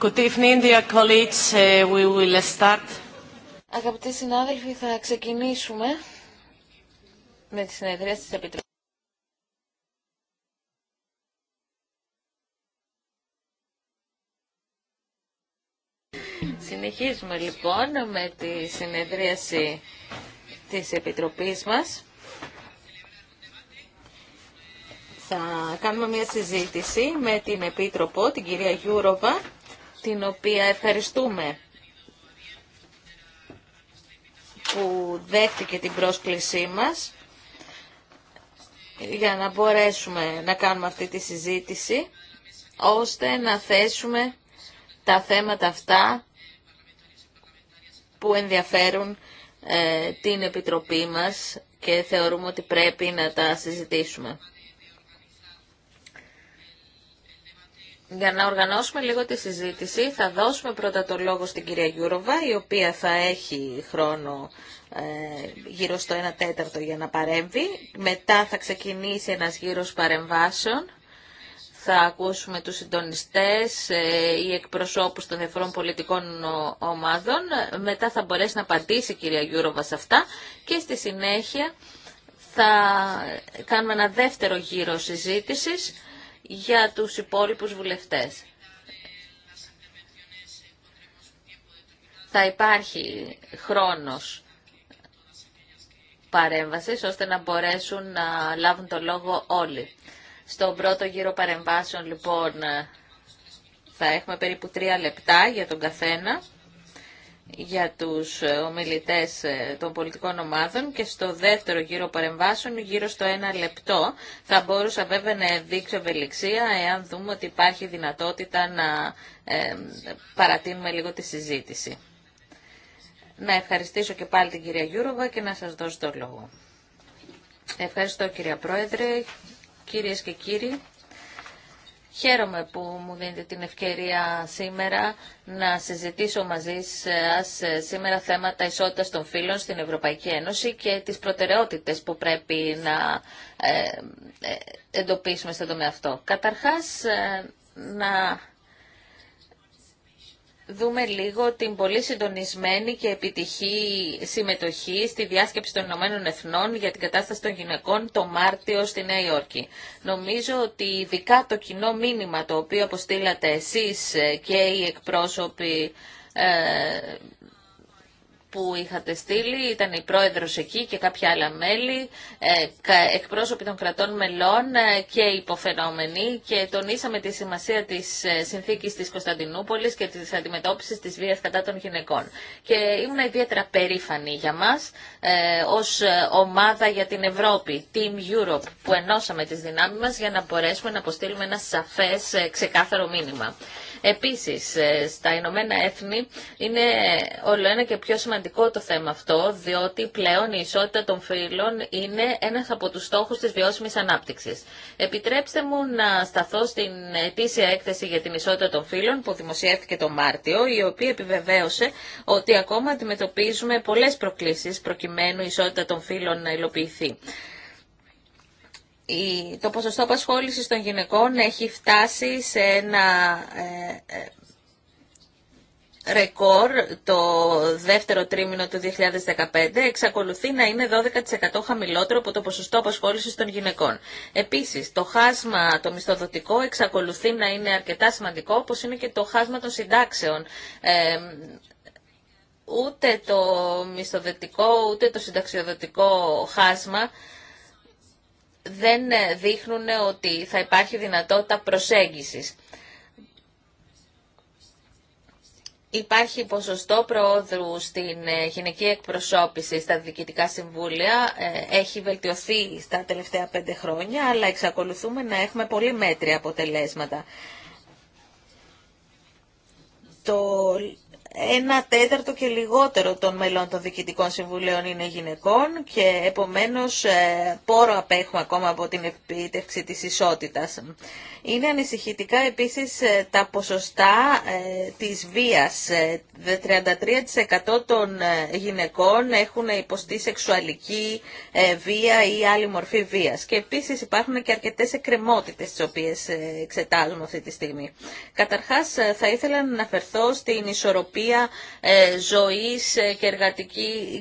Good evening, colleagues. Uh, we will start. Αγαπητοί συνάδελφοι, θα ξεκινήσουμε με τη συνεδρία της Επιτροπής. Συνεχίζουμε λοιπόν με τη συνεδρίαση της Επιτροπής μας. Θα κάνουμε μια συζήτηση με την Επίτροπο, την κυρία Γιούροβα, την οποία ευχαριστούμε που δέχτηκε την πρόσκλησή μας για να μπορέσουμε να κάνουμε αυτή τη συζήτηση ώστε να θέσουμε τα θέματα αυτά που ενδιαφέρουν ε, την Επιτροπή μας και θεωρούμε ότι πρέπει να τα συζητήσουμε. Για να οργανώσουμε λίγο τη συζήτηση θα δώσουμε πρώτα το λόγο στην κυρία Γιούροβα η οποία θα έχει χρόνο ε, γύρω στο 1 τέταρτο για να παρέμβει. Μετά θα ξεκινήσει ένας γύρος παρεμβάσεων. Θα ακούσουμε τους συντονιστές ή ε, εκπροσώπους των διαφορών πολιτικών ομάδων. Μετά θα μπορέσει να απαντήσει η κυρία Γιούροβα σε αυτά και στη συνέχεια θα κάνουμε ένα δεύτερο γύρο συζήτησης για τους υπόλοιπους βουλευτές. Θα υπάρχει χρόνος παρέμβασης ώστε να μπορέσουν να λάβουν το λόγο όλοι. Στον πρώτο γύρο παρεμβάσεων λοιπόν θα έχουμε περίπου τρία λεπτά για τον καθένα για τους ε, ομιλητές ε, των πολιτικών ομάδων και στο δεύτερο γύρο παρεμβάσεων γύρω στο ένα λεπτό. Θα μπορούσα βέβαια να δείξω ευελιξία εάν δούμε ότι υπάρχει δυνατότητα να ε, παρατείνουμε λίγο τη συζήτηση. Να ευχαριστήσω και πάλι την κυρία Γιούροβα και να σας δώσω το λόγο. Ευχαριστώ κυρία Πρόεδρε, κυρίες και κύριοι. Χαίρομαι που μου δίνετε την ευκαιρία σήμερα να συζητήσω μαζί σας σήμερα θέματα ισότητας των φύλων στην Ευρωπαϊκή Ένωση και τις προτεραιότητες που πρέπει να ε, ε, εντοπίσουμε στον τομέα αυτό. Καταρχάς, ε, να δούμε λίγο την πολύ συντονισμένη και επιτυχή συμμετοχή στη διάσκεψη των Ηνωμένων Εθνών για την κατάσταση των γυναικών το Μάρτιο στη Νέα Υόρκη. Νομίζω ότι ειδικά το κοινό μήνυμα το οποίο αποστήλατε εσείς ε, και οι εκπρόσωποι ε, που είχατε στείλει, ήταν η πρόεδρος εκεί και κάποια άλλα μέλη, ε, εκπρόσωποι των κρατών μελών ε, και υποφαινόμενοι και τονίσαμε τη σημασία της ε, συνθήκης της Κωνσταντινούπολης και της αντιμετώπισης της βίας κατά των γυναικών. Και ήμουν ιδιαίτερα περήφανη για μας ως ομάδα για την Ευρώπη, Team Europe, που ενώσαμε τις δυνάμεις μας για να μπορέσουμε να αποστείλουμε ένα σαφές, ξεκάθαρο μήνυμα. Επίσης, ε, στα Ηνωμένα Έθνη είναι όλο ένα και πιο σημαντικό το θέμα αυτό, διότι πλέον η ισότητα των φύλων είναι ένας από τους στόχους της βιώσιμης ανάπτυξης. Επιτρέψτε μου να σταθώ στην ετήσια έκθεση για την ισότητα των φύλων που δημοσιεύτηκε το Μάρτιο, η οποία επιβεβαίωσε ότι ακόμα αντιμετωπίζουμε πολλές προκλήσεις προκειμένου η ισότητα των φύλων να υλοποιηθεί το ποσοστό απασχόλησης των γυναικών έχει φτάσει σε ένα ε, ε, ρεκόρ το δεύτερο τρίμηνο του 2015 εξακολουθεί να είναι 12% χαμηλότερο από το ποσοστό απασχόλησης των γυναικών. Επίσης, το χάσμα το μισθοδοτικό εξακολουθεί να είναι αρκετά σημαντικό, όπως είναι και το χάσμα των συντάξεων. Ε, ούτε το μισθοδοτικό, ούτε το συνταξιοδοτικό χάσμα δεν ε, δείχνουν ότι θα υπάρχει δυνατότητα προσέγγισης. Υπάρχει ποσοστό προόδου στην ε, γυναική εκπροσώπηση στα διοικητικά συμβούλια. Ε, έχει βελτιωθεί στα τελευταία πέντε χρόνια, αλλά εξακολουθούμε να έχουμε πολύ μέτρια αποτελέσματα. Το ένα τέταρτο και λιγότερο των μελών των διοικητικών συμβουλίων είναι γυναικών και επομένως ε, πόρο απέχουμε ακόμα από την επίτευξη της ισότητας. Είναι ανησυχητικά επίσης ε, τα ποσοστά ε, της βίας. 33% των γυναικών έχουν υποστεί σεξουαλική βία ή άλλη μορφή βίας. Και επίσης υπάρχουν και αρκετές εκκρεμότητες τις οποίες εξετάζουμε αυτή τη στιγμή. Καταρχάς θα ήθελα να αναφερθώ στην ισορροπία ζωή ε, ζωής ε, και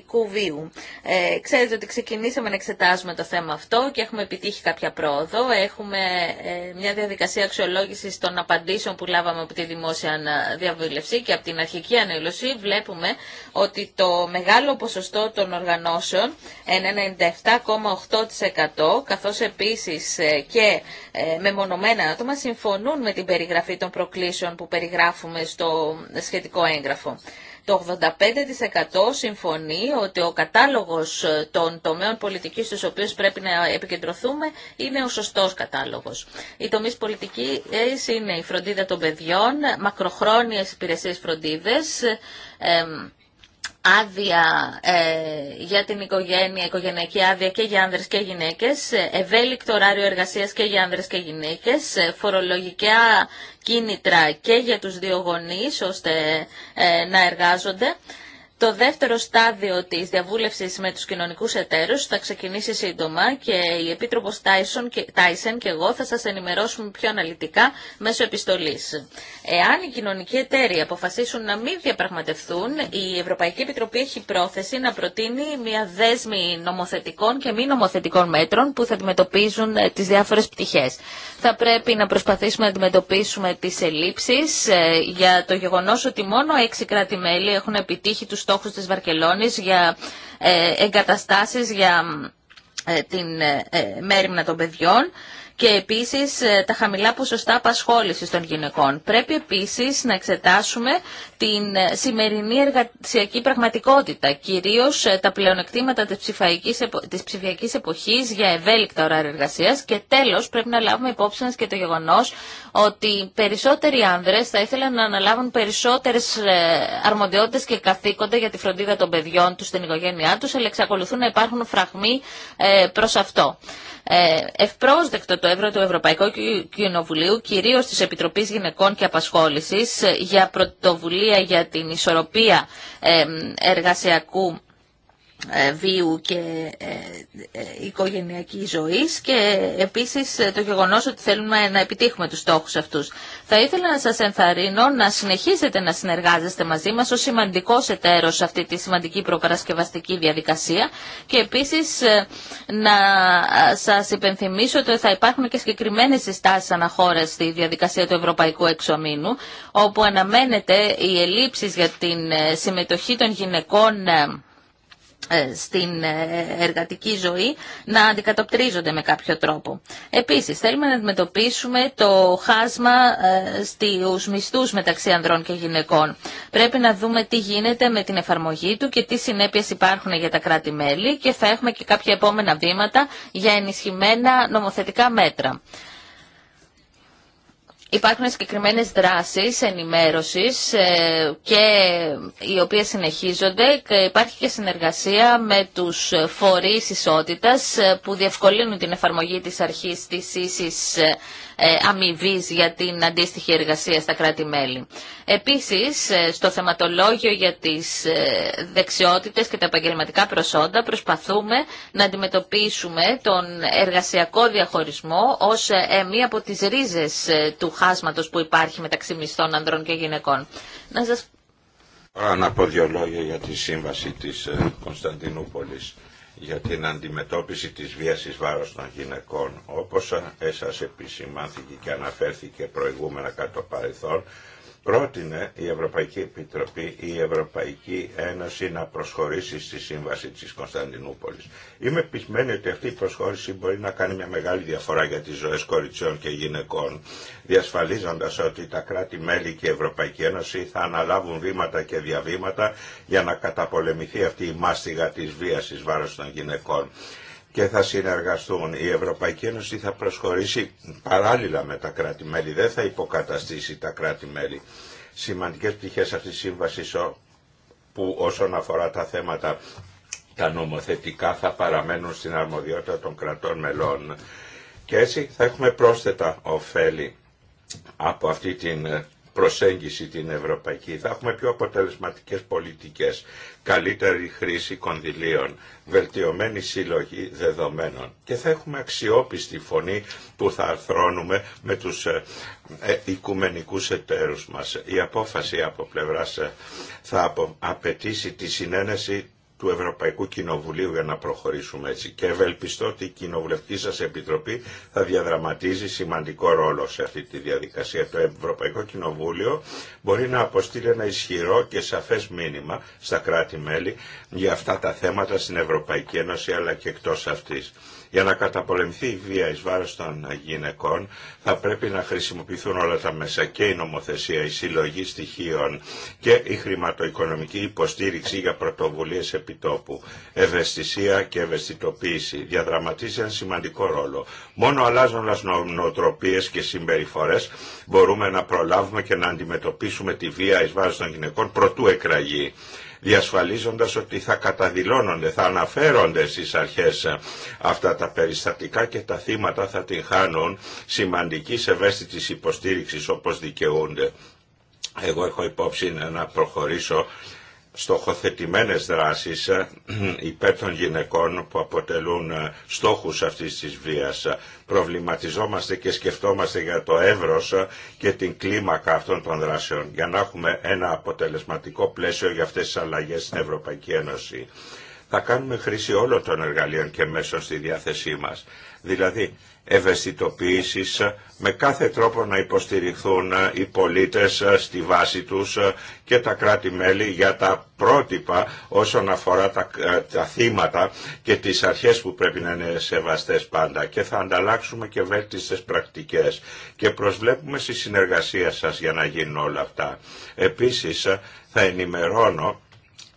κουβίου. Ε, Ξέρετε ότι ξεκινήσαμε να εξετάζουμε το θέμα αυτό και έχουμε επιτύχει κάποια πρόοδο. Έχουμε ε, μια διαδικασία αξιολόγησης των απαντήσεων που λάβαμε από τη δημόσια διαβούλευση και από την αρχική ανέλωση βλέπουμε ότι το μεγάλο ποσοστό των οργανώσεων, 97,8% καθώς επίσης και μεμονωμένα άτομα συμφωνούν με την περιγραφή των προκλήσεων που περιγράφουμε στο σχετικό έγγραφο. Το 85% συμφωνεί ότι ο κατάλογος ε, των τομέων πολιτικής στους οποίους πρέπει να επικεντρωθούμε είναι ο σωστός κατάλογος. Οι τομείς πολιτικής είναι η φροντίδα των παιδιών, μακροχρόνιες υπηρεσίες φροντίδες, ε, άδεια ε, για την οικογένεια, οικογενειακή άδεια και για άνδρες και γυναίκες, ε, ευέλικτο ωράριο εργασίας και για άνδρες και γυναίκες, ε, φορολογικά κίνητρα και για τους δύο γονείς ώστε ε, να εργάζονται. Το δεύτερο στάδιο της διαβούλευσης με τους κοινωνικούς εταίρους θα ξεκινήσει σύντομα και η Επίτροπος και, Τάισεν και εγώ θα σας ενημερώσουμε πιο αναλυτικά μέσω επιστολής. Εάν οι κοινωνικοί εταίροι αποφασίσουν να μην διαπραγματευτούν, η Ευρωπαϊκή Επιτροπή έχει πρόθεση να προτείνει μια δέσμη νομοθετικών και μη νομοθετικών μέτρων που θα αντιμετωπίζουν ε, τις διάφορες πτυχές. Θα πρέπει να προσπαθήσουμε να αντιμετωπίσουμε τις ελλείψεις ε, για το γεγονός ότι μόνο έξι κράτη-μέλη έχουν επιτύχει τους στόχους της Βαρκελόνης για ε, εγκαταστάσεις για ε, την ε, μέρημνα των παιδιών και επίσης τα χαμηλά ποσοστά απασχόλησης των γυναικών. Πρέπει επίσης να εξετάσουμε την ε, σημερινή εργασιακή πραγματικότητα, κυρίως ε, τα πλεονεκτήματα της, ψηφιακής, της ψηφιακής εποχής για ευέλικτα ωράρια εργασίας και τέλος πρέπει να λάβουμε υπόψη μας και το γεγονός ότι περισσότεροι άνδρες θα ήθελαν να αναλάβουν περισσότερες ε, αρμοδιότητες και καθήκοντα για τη φροντίδα των παιδιών του στην οικογένειά τους, αλλά εξακολουθούν να υπάρχουν φραγμοί προς αυτό. Ευπρόσδεκτο το εύρο του Ευρωπαϊκού Κοινοβουλίου, κυρίως τη Επιτροπή Γυναικών και Απασχόλησης, για πρωτοβουλία για την ισορροπία εργασιακού ε, βίου και ε, ε, οικογενειακής ζωής και επίσης το γεγονός ότι θέλουμε να επιτύχουμε τους στόχους αυτούς. Θα ήθελα να σας ενθαρρύνω να συνεχίσετε να συνεργάζεστε μαζί μας ως σημαντικός εταίρος σε αυτή τη σημαντική προπαρασκευαστική διαδικασία και επίσης να σας υπενθυμίσω ότι θα υπάρχουν και συγκεκριμένες συστάσεις αναχώρα στη διαδικασία του Ευρωπαϊκού Εξωμήνου όπου αναμένεται οι ελλείψεις για την συμμετοχή των γυναικών ε, στην ε, εργατική ζωή να αντικατοπτρίζονται με κάποιο τρόπο. Επίσης, θέλουμε να αντιμετωπίσουμε το χάσμα ε, στους μισθούς μεταξύ ανδρών και γυναικών. Πρέπει να δούμε τι γίνεται με την εφαρμογή του και τι συνέπειες υπάρχουν για τα κράτη-μέλη και θα έχουμε και κάποια επόμενα βήματα για ενισχυμένα νομοθετικά μέτρα. Υπάρχουν συγκεκριμένες δράσεις ενημέρωσης ε, και οι οποίες συνεχίζονται και υπάρχει και συνεργασία με τους φορείς ισότητας ε, που διευκολύνουν την εφαρμογή της αρχής της ίσης ε, ε, αμοιβή για την αντίστοιχη εργασία στα κράτη-μέλη. Επίσης, ε, στο θεματολόγιο για τις ε, δεξιότητε και τα επαγγελματικά προσόντα προσπαθούμε να αντιμετωπίσουμε τον εργασιακό διαχωρισμό ως μία από τις ρίζες του χάσματος που υπάρχει μεταξύ μισθών ανδρών και γυναικών. Να σας... πω δύο λόγια για τη σύμβαση της Κωνσταντινούπολης για την αντιμετώπιση της βίας εις βάρος των γυναικών. Όπως σας επισημάνθηκε και αναφέρθηκε προηγούμενα κατά το παρελθόν, πρότεινε η Ευρωπαϊκή Επιτροπή, η Ευρωπαϊκή Ένωση να προσχωρήσει στη Σύμβαση της Κωνσταντινούπολης. Είμαι πεισμένη ότι αυτή η προσχώρηση μπορεί να κάνει μια μεγάλη διαφορά για τις ζωές κοριτσιών και γυναικών, διασφαλίζοντας ότι τα κράτη-μέλη και η Ευρωπαϊκή Ένωση θα αναλάβουν βήματα και διαβήματα για να καταπολεμηθεί αυτή η μάστιγα της βίας εις βάρος των γυναικών και θα συνεργαστούν. Η Ευρωπαϊκή Ένωση θα προσχωρήσει παράλληλα με τα κράτη-μέλη, δεν θα υποκαταστήσει τα κράτη-μέλη. Σημαντικές πτυχές αυτής της σύμβασης που όσον αφορά τα θέματα τα νομοθετικά θα παραμένουν στην αρμοδιότητα των κρατών μελών. Και έτσι θα έχουμε πρόσθετα ωφέλη από αυτή την προσέγγιση την ευρωπαϊκή. Θα έχουμε πιο αποτελεσματικές πολιτικές, καλύτερη χρήση κονδυλίων, βελτιωμένη συλλογή δεδομένων και θα έχουμε αξιόπιστη φωνή που θα αρθρώνουμε με τους ε, ε, οικουμενικούς εταίρους μας. Η απόφαση από πλευράς ε, θα απαιτήσει τη συνένεση του Ευρωπαϊκού Κοινοβουλίου για να προχωρήσουμε έτσι. Και ευελπιστώ ότι η κοινοβουλευτική σας επιτροπή θα διαδραματίζει σημαντικό ρόλο σε αυτή τη διαδικασία. Το Ευρωπαϊκό Κοινοβούλιο μπορεί να αποστείλει ένα ισχυρό και σαφές μήνυμα στα κράτη-μέλη για αυτά τα θέματα στην Ευρωπαϊκή Ένωση αλλά και εκτός αυτής. Για να καταπολεμηθεί η βία εις βάρος των γυναικών θα πρέπει να χρησιμοποιηθούν όλα τα μέσα και η νομοθεσία, η συλλογή στοιχείων και η χρηματοοικονομική υποστήριξη για πρωτοβουλίες επιτόπου, ευαισθησία και ευαισθητοποίηση. Διαδραματίζει ένα σημαντικό ρόλο. Μόνο αλλάζοντας νοοτροπίες και συμπεριφορές μπορούμε να προλάβουμε και να αντιμετωπίσουμε τη βία εις βάρος των γυναικών προτού εκραγεί διασφαλίζοντας ότι θα καταδηλώνονται, θα αναφέρονται στις αρχές ε, αυτά τα περιστατικά και τα θύματα θα την χάνουν σημαντική ευαίσθητης υποστήριξης όπως δικαιούνται. Εγώ έχω υπόψη να προχωρήσω στοχοθετημένες δράσεις ε, υπέρ των γυναικών που αποτελούν ε, στόχους αυτής της βίας. Προβληματιζόμαστε και σκεφτόμαστε για το εύρος ε, και την κλίμακα αυτών των δράσεων για να έχουμε ένα αποτελεσματικό πλαίσιο για αυτές τις αλλαγές στην Ευρωπαϊκή Ένωση. Θα κάνουμε χρήση όλων των εργαλείων και μέσων στη διάθεσή μας. Δηλαδή ευαισθητοποίησης ε, με κάθε τρόπο να υποστηριχθούν ε, οι πολίτες ε, στη βάση τους και τα κράτη-μέλη για τα πρότυπα όσον αφορά τα, τα θύματα και τις αρχές που πρέπει να είναι σεβαστές πάντα και θα ανταλλάξουμε και βέλτιστες πρακτικές και προσβλέπουμε στη συνεργασία σας για να γίνουν όλα αυτά. Επίσης θα ενημερώνω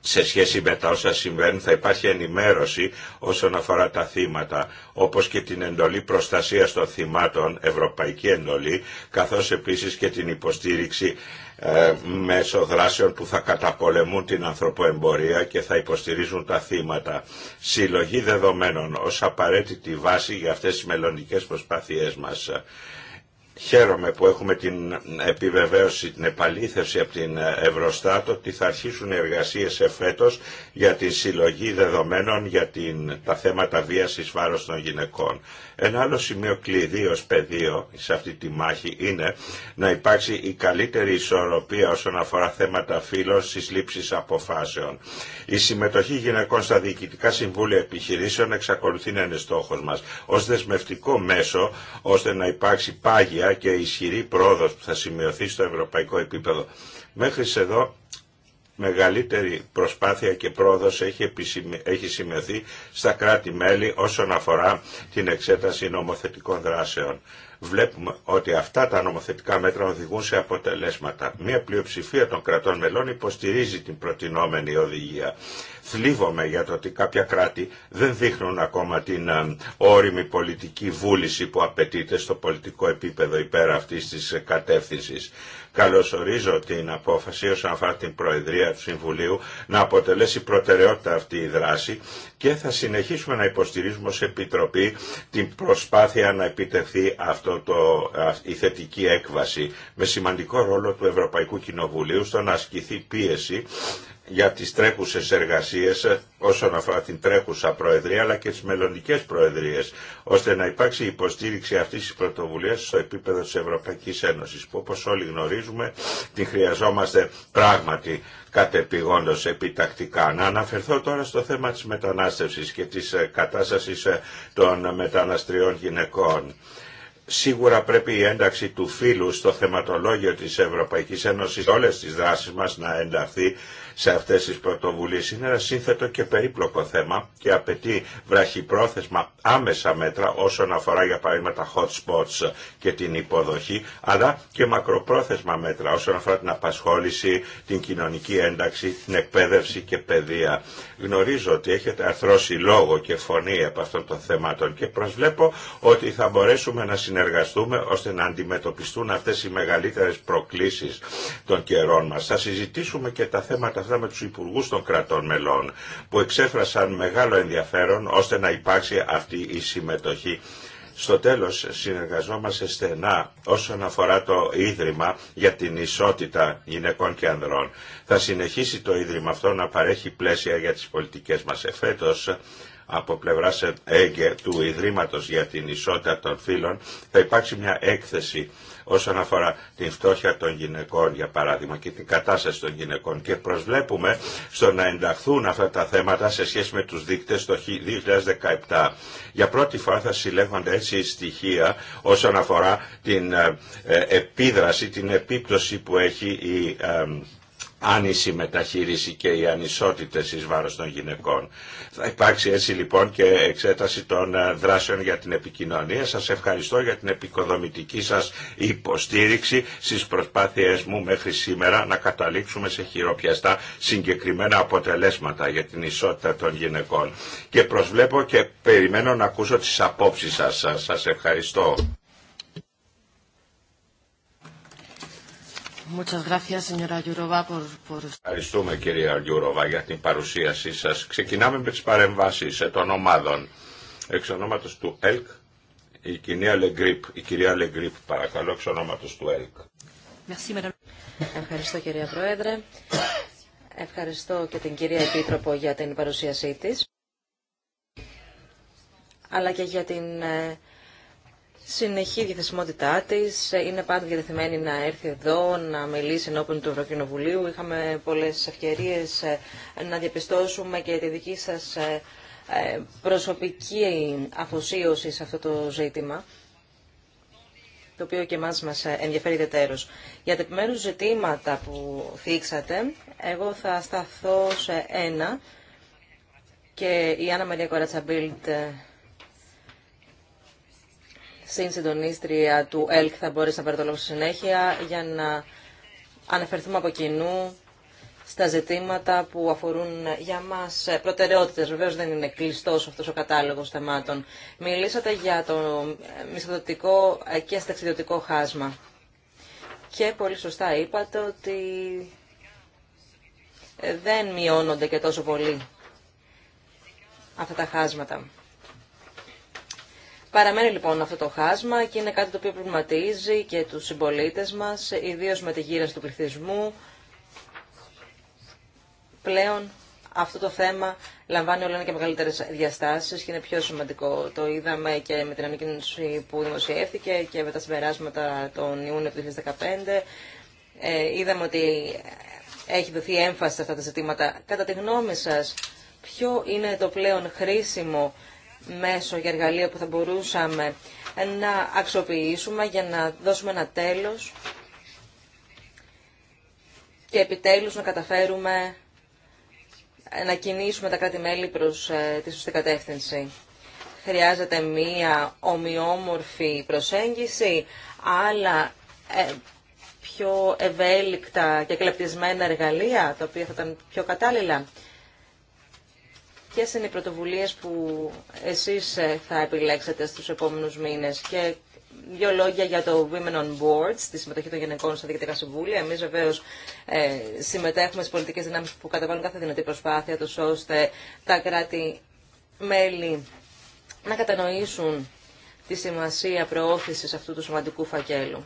σε σχέση με τα όσα συμβαίνουν θα υπάρχει ενημέρωση όσον αφορά τα θύματα, όπως και την εντολή προστασίας των θυμάτων, ευρωπαϊκή εντολή, καθώς επίσης και την υποστήριξη ε, μέσω δράσεων που θα καταπολεμούν την ανθρωποεμπορία και θα υποστηρίζουν τα θύματα. Συλλογή δεδομένων ως απαραίτητη βάση για αυτές τις μελλοντικέ προσπάθειές μας. Χαίρομαι που έχουμε την επιβεβαίωση, την επαλήθευση από την Ευρωστάτ ότι θα αρχίσουν εργασίες εφέτος για τη συλλογή δεδομένων για την, τα θέματα βίας εις βάρος των γυναικών. Ένα άλλο σημείο κλειδί ως πεδίο σε αυτή τη μάχη είναι να υπάρξει η καλύτερη ισορροπία όσον αφορά θέματα φύλων στις λήψεις αποφάσεων. Η συμμετοχή γυναικών στα διοικητικά συμβούλια επιχειρήσεων εξακολουθεί να είναι στόχος μας ως δεσμευτικό μέσο ώστε να υπάρξει πάγια και ισχυρή πρόοδος που θα σημειωθεί στο ευρωπαϊκό επίπεδο. Μέχρι εδώ μεγαλύτερη προσπάθεια και πρόοδος έχει, έχει σημειωθεί στα κράτη-μέλη όσον αφορά την εξέταση νομοθετικών δράσεων. Βλέπουμε ότι αυτά τα νομοθετικά μέτρα οδηγούν σε αποτελέσματα. Μία πλειοψηφία των κρατών μελών υποστηρίζει την προτινόμενη οδηγία. Θλίβομαι για το ότι κάποια κράτη δεν δείχνουν ακόμα την ε, όριμη πολιτική βούληση που απαιτείται στο πολιτικό επίπεδο υπέρ αυτής της κατεύθυνσης. Καλωσορίζω την απόφαση όσον αφορά την Προεδρία του Συμβουλίου να αποτελέσει προτεραιότητα αυτή η δράση και θα συνεχίσουμε να υποστηρίζουμε ως Επιτροπή την προσπάθεια να επιτευχθεί αυτό το, η θετική έκβαση με σημαντικό ρόλο του Ευρωπαϊκού Κοινοβουλίου στο να ασκηθεί πίεση για τις τρέχουσες εργασίες ε, όσον αφορά την τρέχουσα Προεδρία αλλά και τις μελλοντικές Προεδρίες ώστε να υπάρξει υποστήριξη αυτής της πρωτοβουλίας στο επίπεδο της Ευρωπαϊκής Ένωσης που όπως όλοι γνωρίζουμε την χρειαζόμαστε πράγματι κατεπηγόντως επιτακτικά. Να αναφερθώ τώρα στο θέμα της μετανάστευσης και της ε, κατάστασης ε, των μεταναστριών γυναικών. Σίγουρα πρέπει η ένταξη του φύλου στο θεματολόγιο της Ευρωπαϊκής Ένωσης όλες τις δράσεις μας να ενταχθεί σε αυτές τις πρωτοβουλίες. Είναι ένα σύνθετο και περίπλοκο θέμα και απαιτεί βραχυπρόθεσμα άμεσα μέτρα όσον αφορά για παράδειγμα τα hot spots και την υποδοχή, αλλά και μακροπρόθεσμα μέτρα όσον αφορά την απασχόληση, την κοινωνική ένταξη, την εκπαίδευση και παιδεία. Γνωρίζω ότι έχετε αρθρώσει λόγο και φωνή από αυτών των θεμάτων και προσβλέπω ότι θα μπορέσουμε να συνεχίσουμε συνεργαστούμε ώστε να αντιμετωπιστούν αυτές οι μεγαλύτερες προκλήσεις των καιρών μας. Θα συζητήσουμε και τα θέματα αυτά με τους υπουργούς των κρατών μελών που εξέφρασαν μεγάλο ενδιαφέρον ώστε να υπάρξει αυτή η συμμετοχή. Στο τέλος συνεργαζόμαστε στενά όσον αφορά το Ίδρυμα για την ισότητα γυναικών και ανδρών. Θα συνεχίσει το Ίδρυμα αυτό να παρέχει πλαίσια για τις πολιτικές μας εφέτος από πλευρά ΕΓΕ του ιδρύματο για την Ισότητα των Φύλων θα υπάρξει μια έκθεση όσον αφορά την φτώχεια των γυναικών για παράδειγμα και την κατάσταση των γυναικών και προσβλέπουμε στο να ενταχθούν αυτά τα θέματα σε σχέση με τους δείκτε το 2017. Για πρώτη φορά θα συλλέγονται έτσι στοιχεία όσον αφορά την ε, ε, επίδραση, την επίπτωση που έχει η ε, άνηση μεταχείριση και οι ανισότητες εις βάρος των γυναικών. Θα υπάρξει έτσι λοιπόν και εξέταση των ε, δράσεων για την επικοινωνία. Σας ευχαριστώ για την επικοδομητική σας υποστήριξη στις προσπάθειές μου μέχρι σήμερα να καταλήξουμε σε χειροπιαστά συγκεκριμένα αποτελέσματα για την ισότητα των γυναικών. Και προσβλέπω και περιμένω να ακούσω τις απόψεις σας. Σας ευχαριστώ. Ευχαριστούμε κυρία Γιουροβά για την παρουσίασή σας. Ξεκινάμε με τις παρεμβάσεις των ομάδων. Εξ ονόματος του ΕΛΚ, η κυρία Λεγκρίπ, η κυρία Λεγκρίπ παρακαλώ, εξ ονόματος του ΕΛΚ. Ευχαριστώ κυρία Πρόεδρε. Ευχαριστώ και την κυρία Επίτροπο για την παρουσίασή της αλλά και για την ε, συνεχή διαθεσιμότητά τη. Είναι πάντα διατεθειμένη να έρθει εδώ, να μιλήσει ενώπιον του Ευρωκοινοβουλίου. Είχαμε πολλές ευκαιρίε ε, να διαπιστώσουμε και τη δική σα ε, ε, προσωπική αφοσίωση σε αυτό το ζήτημα το οποίο και εμάς μας ενδιαφέρει ιδιαίτερως. Για τα επιμέρους ζητήματα που θίξατε, εγώ θα σταθώ σε ένα και η Άννα Μαρία Κορατσαμπίλτ συντονίστρια του ΕΛΚ θα μπορέσει να πάρει το λόγο στη συνέχεια για να αναφερθούμε από κοινού στα ζητήματα που αφορούν για μας προτεραιότητες. Βεβαίως δεν είναι κλειστός αυτός ο κατάλογος θεμάτων. Μιλήσατε για το μισθοδοτικό και σταξιδιωτικό χάσμα. Και πολύ σωστά είπατε ότι δεν μειώνονται και τόσο πολύ αυτά τα χάσματα. Παραμένει λοιπόν αυτό το χάσμα και είναι κάτι το οποίο προβληματίζει και τους συμπολίτε μας, ιδίως με τη γύρα του πληθυσμού. Πλέον αυτό το θέμα λαμβάνει όλο ένα και μεγαλύτερες διαστάσεις και είναι πιο σημαντικό. Το είδαμε και με την ανακοίνωση που δημοσιεύθηκε και με τα συμπεράσματα των Ιούνιο του 2015. Ε, είδαμε ότι έχει δοθεί έμφαση σε αυτά τα ζητήματα. Κατά τη γνώμη σας, ποιο είναι το πλέον χρήσιμο μέσο για εργαλείο που θα μπορούσαμε να αξιοποιήσουμε για να δώσουμε ένα τέλος και επιτέλους να καταφέρουμε να κινήσουμε τα κράτη-μέλη προς ε, τη σωστή κατεύθυνση. Χρειάζεται μία ομοιόμορφη προσέγγιση, αλλά ε, πιο ευέλικτα και κλεπτισμένα εργαλεία, τα οποία θα ήταν πιο κατάλληλα. Ποιε είναι οι πρωτοβουλίε που εσείς ε, θα επιλέξετε στους επόμενους μήνες και δύο λόγια για το Women on Boards, τη συμμετοχή των γυναικών στα διοικητικά συμβούλια. Εμεί βεβαίω ε, συμμετέχουμε στι πολιτικέ δυνάμει που καταβάλουν κάθε δυνατή προσπάθεια, τους, ώστε τα κράτη-μέλη να κατανοήσουν τη σημασία προώθησης αυτού του σημαντικού φακέλου.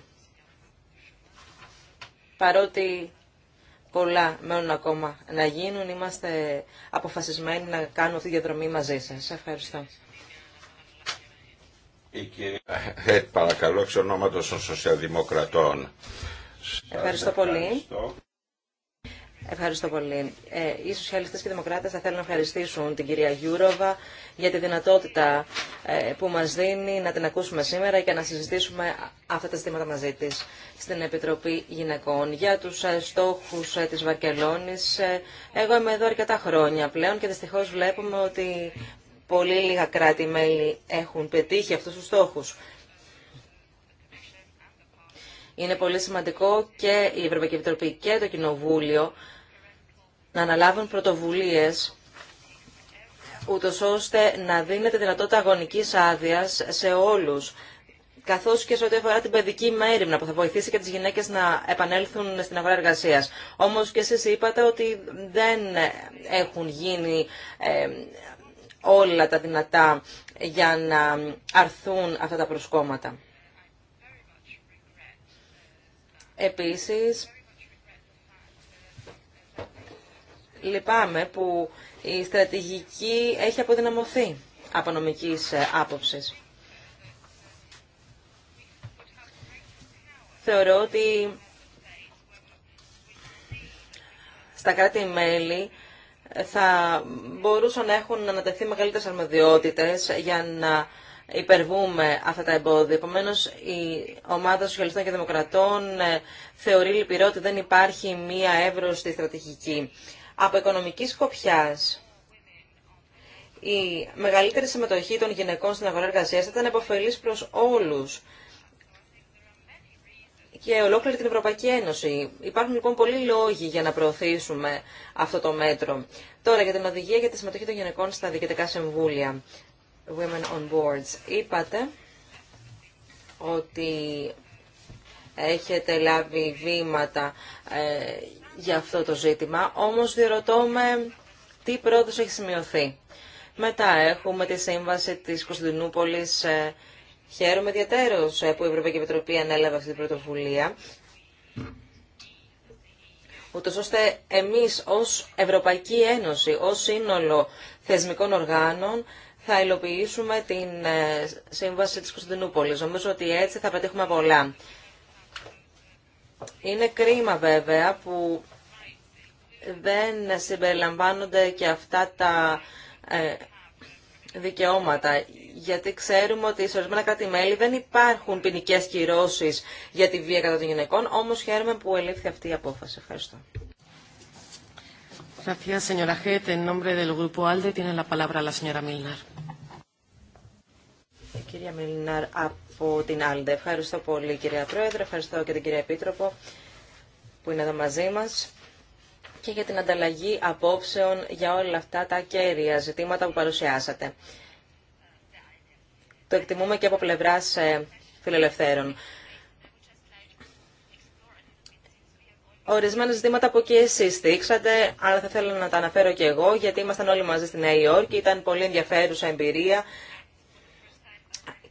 Παρότι πολλά μένουν ακόμα να γίνουν. Είμαστε αποφασισμένοι να κάνουμε αυτή τη διαδρομή μαζί σας. Ευχαριστώ. Η κυρία Χέτ, ε, παρακαλώ, των Σοσιαλδημοκρατών. Ευχαριστώ πολύ. Ευχαριστώ πολύ. Ε, οι σοσιαλιστές και οι δημοκράτες θα θέλουν να ευχαριστήσουν την κυρία Γιούροβα για τη δυνατότητα ε, που μας δίνει να την ακούσουμε σήμερα και να συζητήσουμε αυτά τα ζητήματα μαζί της στην Επιτροπή Γυναικών. Για τους ε, στόχους ε, της Βαρκελόνης, εγώ είμαι εδώ αρκετά χρόνια πλέον και δυστυχώς βλέπουμε ότι πολύ λίγα κράτη-μέλη έχουν πετύχει αυτούς τους στόχους. Είναι πολύ σημαντικό και η Ευρωπαϊκή Επιτροπή και το Κοινοβούλιο να αναλάβουν πρωτοβουλίες ούτως ώστε να δίνεται δυνατότητα αγωνικής άδειας σε όλους καθώ και σε ό,τι αφορά την παιδική μέρημνα που θα βοηθήσει και τι γυναίκε να επανέλθουν στην αγορά εργασία. Όμω και εσεί είπατε ότι δεν έχουν γίνει ε, όλα τα δυνατά για να αρθούν αυτά τα προσκόμματα. Επίσης, Λυπάμαι που η στρατηγική έχει αποδυναμωθεί από νομικής ε, άποψης. Θεωρώ ότι στα κράτη-μέλη ε, θα μπορούσαν να έχουν ανατεθεί μεγαλύτερες αρμοδιότητες για να υπερβούμε αυτά τα εμπόδια. Επομένω, η ομάδα Σοσιαλιστών και Δημοκρατών ε, θεωρεί λυπηρό ότι δεν υπάρχει μία εύρωστη στρατηγική. Από οικονομική σκοπιά, η μεγαλύτερη συμμετοχή των γυναικών στην αγορά εργασία ήταν επωφελή προ όλου και ολόκληρη την Ευρωπαϊκή Ένωση. Υπάρχουν λοιπόν πολλοί λόγοι για να προωθήσουμε αυτό το μέτρο. Τώρα για την οδηγία για τη συμμετοχή των γυναικών στα διοικητικά συμβούλια. Women on Boards. Είπατε ότι έχετε λάβει βήματα ε, για αυτό το ζήτημα, όμως διερωτώ τι πρόοδος έχει σημειωθεί. Μετά έχουμε τη σύμβαση της Κωνσταντινούπολης. Ε, χαίρομαι ιδιαίτερως ε, που η Ευρωπαϊκή Επιτροπή ανέλαβε αυτή την πρωτοβουλία Ούτω ώστε εμείς ως Ευρωπαϊκή Ένωση, ως σύνολο θεσμικών οργάνων, θα υλοποιήσουμε την ε, σύμβαση της Κωνσταντινούπολης. Νομίζω ότι έτσι θα πετύχουμε πολλά. Είναι κρίμα βέβαια που δεν συμπεριλαμβάνονται και αυτά τα ε, δικαιώματα, γιατί ξέρουμε ότι σε ορισμένα κράτη-μέλη δεν υπάρχουν ποινικέ κυρώσει για τη βία κατά των γυναικών, όμω χαίρομαι που ελήφθη αυτή η απόφαση. Ευχαριστώ κυρία Μιλνάρ από την ΑΛΔΕ. Ευχαριστώ πολύ κυρία Πρόεδρε, ευχαριστώ και την κυρία Επίτροπο που είναι εδώ μαζί μας και για την ανταλλαγή απόψεων για όλα αυτά τα κέρια ζητήματα που παρουσιάσατε. Το εκτιμούμε και από πλευρά ε, φιλελευθέρων. Ορισμένα ζητήματα που και εσεί στήξατε, αλλά θα θέλω να τα αναφέρω και εγώ, γιατί ήμασταν όλοι μαζί στη Νέα Υόρκη. Ήταν πολύ ενδιαφέρουσα εμπειρία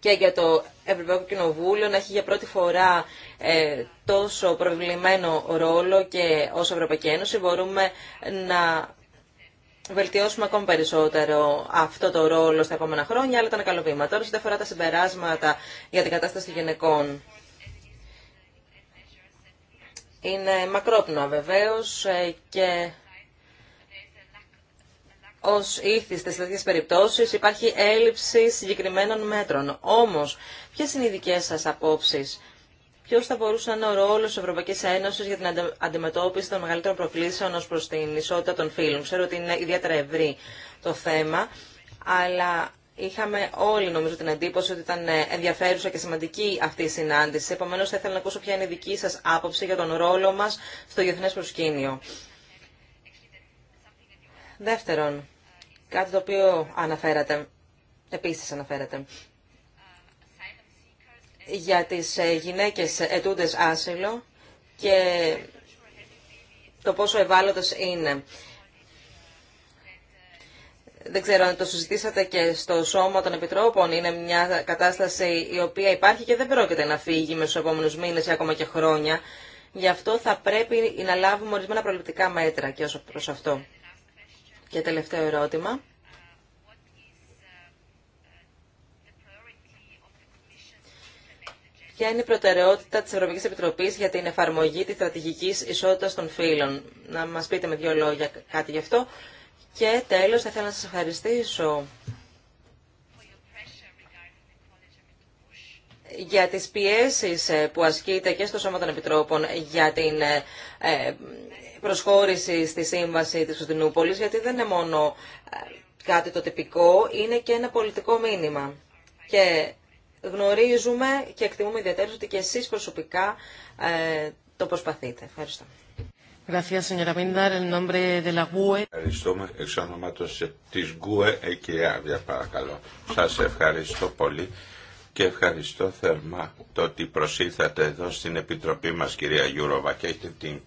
και για το Ευρωπαϊκό Κοινοβούλιο να έχει για πρώτη φορά ε, τόσο προβλημένο ρόλο και ως Ευρωπαϊκή Ένωση μπορούμε να βελτιώσουμε ακόμη περισσότερο αυτό το ρόλο στα επόμενα χρόνια, αλλά ήταν καλό βήμα. Τώρα, σε αφορά τα συμπεράσματα για την κατάσταση των γυναικών. Είναι μακρόπνοα βεβαίως ε, και ως ήθη στις τέτοιες περιπτώσεις υπάρχει έλλειψη συγκεκριμένων μέτρων. Όμως, ποιες είναι οι δικές σας απόψεις Ποιο θα μπορούσε να είναι ο ρόλο τη Ευρωπαϊκή Ένωση για την αντιμετώπιση των μεγαλύτερων προκλήσεων ω προ την ισότητα των φύλων. Ξέρω ότι είναι ιδιαίτερα ευρύ το θέμα, αλλά είχαμε όλοι νομίζω την εντύπωση ότι ήταν ε, ενδιαφέρουσα και σημαντική αυτή η συνάντηση. Επομένω, θα ήθελα να ακούσω ποια είναι η δική σα άποψη για τον ρόλο μα στο διεθνέ προσκήνιο. Δεύτερον, Κάτι το οποίο αναφέρατε, επίσης αναφέρατε. Για τις ε, γυναίκες ετούντες άσυλο και το πόσο ευάλωτος είναι. Δεν ξέρω αν το συζητήσατε και στο Σώμα των Επιτρόπων. Είναι μια κατάσταση η οποία υπάρχει και δεν πρόκειται να φύγει με στου επόμενου μήνε ή ακόμα και χρόνια. Γι' αυτό θα πρέπει να λάβουμε ορισμένα προληπτικά μέτρα και όσο προ αυτό. Και τελευταίο ερώτημα. Ποια είναι η προτεραιότητα της Ευρωπαϊκής Επιτροπής για την εφαρμογή της στρατηγικής ισότητας των φύλων. Να μας πείτε με δύο λόγια κάτι γι' αυτό. Και τέλος θα ήθελα να σας ευχαριστήσω για τις πιέσεις ε, που ασκείτε και στο Σώμα των Επιτρόπων για την ε, ε, προσχώρηση στη σύμβαση της Κωνσταντινούπολης, γιατί δεν είναι μόνο ε, κάτι το τυπικό, είναι και ένα πολιτικό μήνυμα. Και γνωρίζουμε και εκτιμούμε ιδιαίτερα ότι και εσείς προσωπικά ε, το προσπαθείτε. Ευχαριστώ. E. Ευχαριστούμε εξ ονόματος της ΓΚΟΕ e, Άβια, παρακαλώ. Σας ευχαριστώ πολύ και ευχαριστώ θερμά το ότι προσήλθατε εδώ στην Επιτροπή μας κυρία Γιούροβα και έχετε την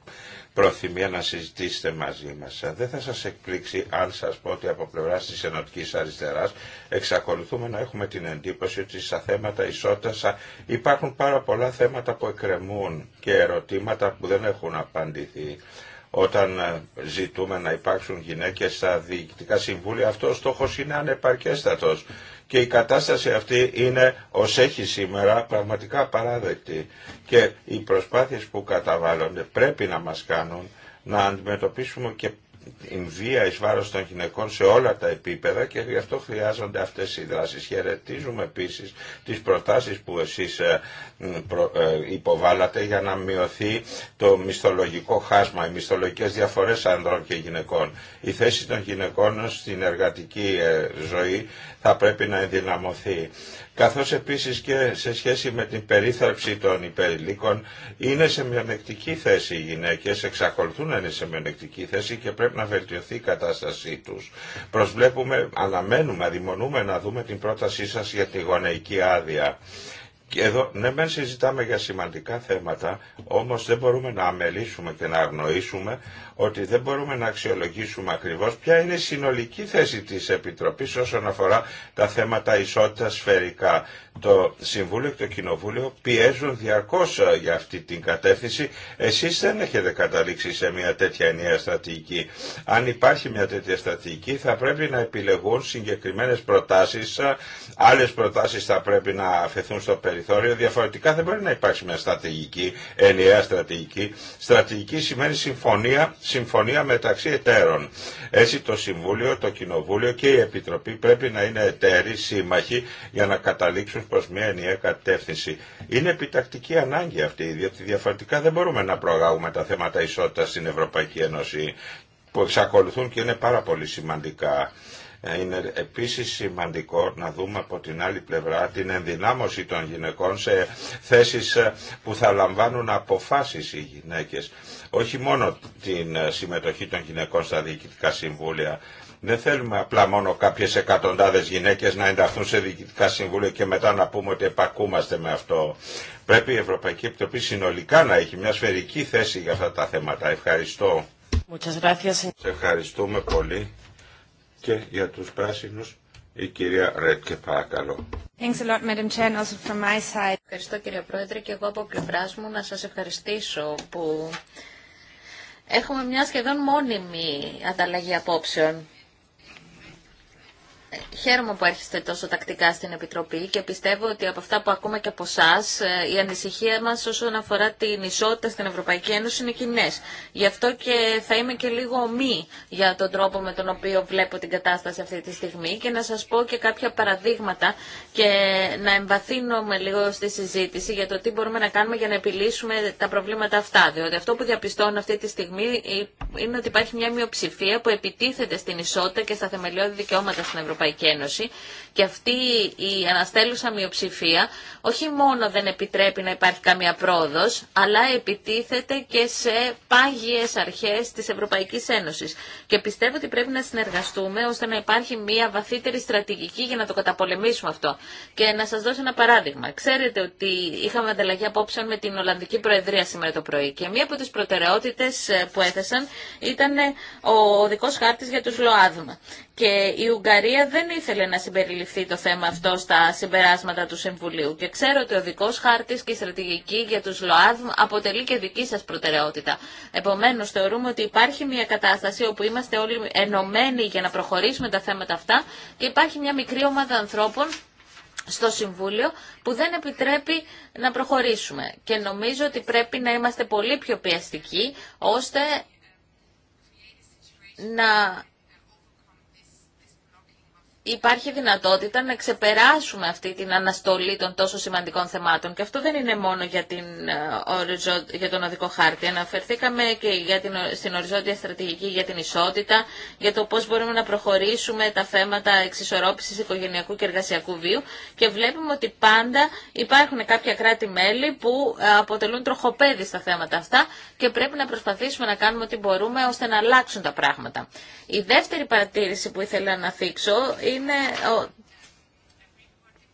προθυμία να συζητήσετε μαζί μας. Δεν θα σας εκπλήξει αν σας πω ότι από πλευράς της Ενωτικής Αριστεράς εξακολουθούμε να έχουμε την εντύπωση ότι στα θέματα ισότητας υπάρχουν πάρα πολλά θέματα που εκκρεμούν και ερωτήματα που δεν έχουν απαντηθεί όταν ζητούμε να υπάρξουν γυναίκες στα διοικητικά συμβούλια, αυτό ο στόχος είναι ανεπαρκέστατος και η κατάσταση αυτή είναι ως έχει σήμερα πραγματικά παράδεκτη και οι προσπάθειες που καταβάλλονται πρέπει να μας κάνουν να αντιμετωπίσουμε και την βία εις βάρος των γυναικών σε όλα τα επίπεδα και γι' αυτό χρειάζονται αυτές οι δράσεις. Χαιρετίζουμε επίσης τις προτάσεις που εσείς ε, ε, υποβάλλατε για να μειωθεί το μισθολογικό χάσμα, οι μισθολογικές διαφορές ανδρών και γυναικών. Η θέση των γυναικών στην εργατική ε, ζωή θα πρέπει να ενδυναμωθεί. Καθώς επίσης και σε σχέση με την περίθαλψη των υπερηλίκων είναι σε μειονεκτική θέση οι γυναίκες, εξακολουθούν να είναι σε μειονεκτική θέση και πρέπει να βελτιωθεί η κατάστασή τους. Προσβλέπουμε, αναμένουμε, αδειμονούμε να δούμε την πρότασή σα για τη γονεϊκή άδεια. Και εδώ, ναι, μεν συζητάμε για σημαντικά θέματα, όμως δεν μπορούμε να αμελήσουμε και να αγνοήσουμε ότι δεν μπορούμε να αξιολογήσουμε ακριβώς ποια είναι η συνολική θέση της Επιτροπής όσον αφορά τα θέματα ισότητας σφαιρικά. Το Συμβούλιο και το Κοινοβούλιο πιέζουν διαρκώς ε, για αυτή την κατεύθυνση. Εσείς δεν έχετε καταλήξει σε μια τέτοια ενιαία στρατηγική. Αν υπάρχει μια τέτοια στρατηγική θα πρέπει να επιλεγούν συγκεκριμένες προτάσεις, ε, άλλες προτάσεις θα πρέπει να αφαιθούν στο περιθώριο, διαφορετικά δεν μπορεί να υπάρξει μια στρατηγική, ενιαία στρατηγική. Στρατηγική σημαίνει συμφωνία συμφωνία μεταξύ εταίρων. Έτσι το Συμβούλιο, το Κοινοβούλιο και η Επιτροπή πρέπει να είναι εταίροι, σύμμαχοι για να καταλήξουν προς μια ενιαία κατεύθυνση. Είναι επιτακτική ανάγκη αυτή, διότι διαφορετικά δεν μπορούμε να προαγάγουμε τα θέματα ισότητας στην Ευρωπαϊκή Ένωση που εξακολουθούν και είναι πάρα πολύ σημαντικά. Είναι επίσης σημαντικό να δούμε από την άλλη πλευρά την ενδυνάμωση των γυναικών σε θέσεις ε, που θα λαμβάνουν αποφάσεις οι γυναίκες. Όχι μόνο την ε, συμμετοχή των γυναικών στα διοικητικά συμβούλια, δεν θέλουμε απλά μόνο κάποιες εκατοντάδες γυναίκες να ενταχθούν σε διοικητικά συμβούλια και μετά να πούμε ότι επακούμαστε με αυτό. Πρέπει η Ευρωπαϊκή Επιτροπή συνολικά να έχει μια σφαιρική θέση για αυτά τα θέματα. Ευχαριστώ. Σε ευχαριστούμε πολύ. Και για τους πράσινους η κυρία Ρέτκε παρακαλώ. Ευχαριστώ κύριε Πρόεδρε και εγώ από πλευρά μου να σας ευχαριστήσω που έχουμε μια σχεδόν μόνιμη ανταλλαγή απόψεων. Χαίρομαι που έρχεστε τόσο τακτικά στην Επιτροπή και πιστεύω ότι από αυτά που ακούμε και από εσά, ε, η ανησυχία μα όσον αφορά την ισότητα στην Ευρωπαϊκή Ένωση είναι κοινέ. Γι' αυτό και θα είμαι και λίγο ομοί για τον τρόπο με τον οποίο βλέπω την κατάσταση αυτή τη στιγμή και να σα πω και κάποια παραδείγματα και να εμβαθύνομαι λίγο στη συζήτηση για το τι μπορούμε να κάνουμε για να επιλύσουμε τα προβλήματα αυτά. Διότι αυτό που διαπιστώνω αυτή τη στιγμή ε, είναι ότι υπάρχει μια μειοψηφία που επιτίθεται στην ισότητα και στα θεμελιώδη δικαιώματα στην Ευρωπαϊκή Ευρωπαϊκή Ένωση και αυτή η αναστέλουσα μειοψηφία όχι μόνο δεν επιτρέπει να υπάρχει καμία πρόοδος, αλλά επιτίθεται και σε πάγιες αρχές της Ευρωπαϊκής Ένωσης. Και πιστεύω ότι πρέπει να συνεργαστούμε ώστε να υπάρχει μια βαθύτερη στρατηγική για να το καταπολεμήσουμε αυτό. Και να σας δώσω ένα παράδειγμα. Ξέρετε ότι είχαμε ανταλλαγή απόψεων με την Ολλανδική Προεδρία σήμερα το πρωί και μία από τις προτεραιότητες ε, που έθεσαν ήταν ε, ο δικός χάρτης για τους ΛΟΑΔΜΑ. Και η Ουγγαρία δεν ήθελε να συμπεριληφθεί το θέμα αυτό στα συμπεράσματα του Συμβουλίου και ξέρω ότι ο δικός χάρτης και η στρατηγική για τους ΛΟΑΔ αποτελεί και δική σας προτεραιότητα. Επομένως θεωρούμε ότι υπάρχει μια κατάσταση όπου είμαστε όλοι ενωμένοι για να προχωρήσουμε τα θέματα αυτά και υπάρχει μια μικρή ομάδα ανθρώπων στο Συμβούλιο που δεν επιτρέπει να προχωρήσουμε. Και νομίζω ότι πρέπει να είμαστε πολύ πιο πιαστικοί ώστε να υπάρχει δυνατότητα να ξεπεράσουμε αυτή την αναστολή των τόσο σημαντικών θεμάτων. Και αυτό δεν είναι μόνο για, την, ε, για τον οδικό χάρτη. Αναφερθήκαμε και για την, στην οριζόντια στρατηγική για την ισότητα, για το πώς μπορούμε να προχωρήσουμε τα θέματα εξισορρόπησης οικογενειακού και εργασιακού βίου και βλέπουμε ότι πάντα υπάρχουν κάποια κράτη-μέλη που ε, αποτελούν τροχοπέδι στα θέματα αυτά και πρέπει να προσπαθήσουμε να κάνουμε ό,τι μπορούμε ώστε να αλλάξουν τα πράγματα. Η δεύτερη παρατήρηση που ήθελα να θίξω είναι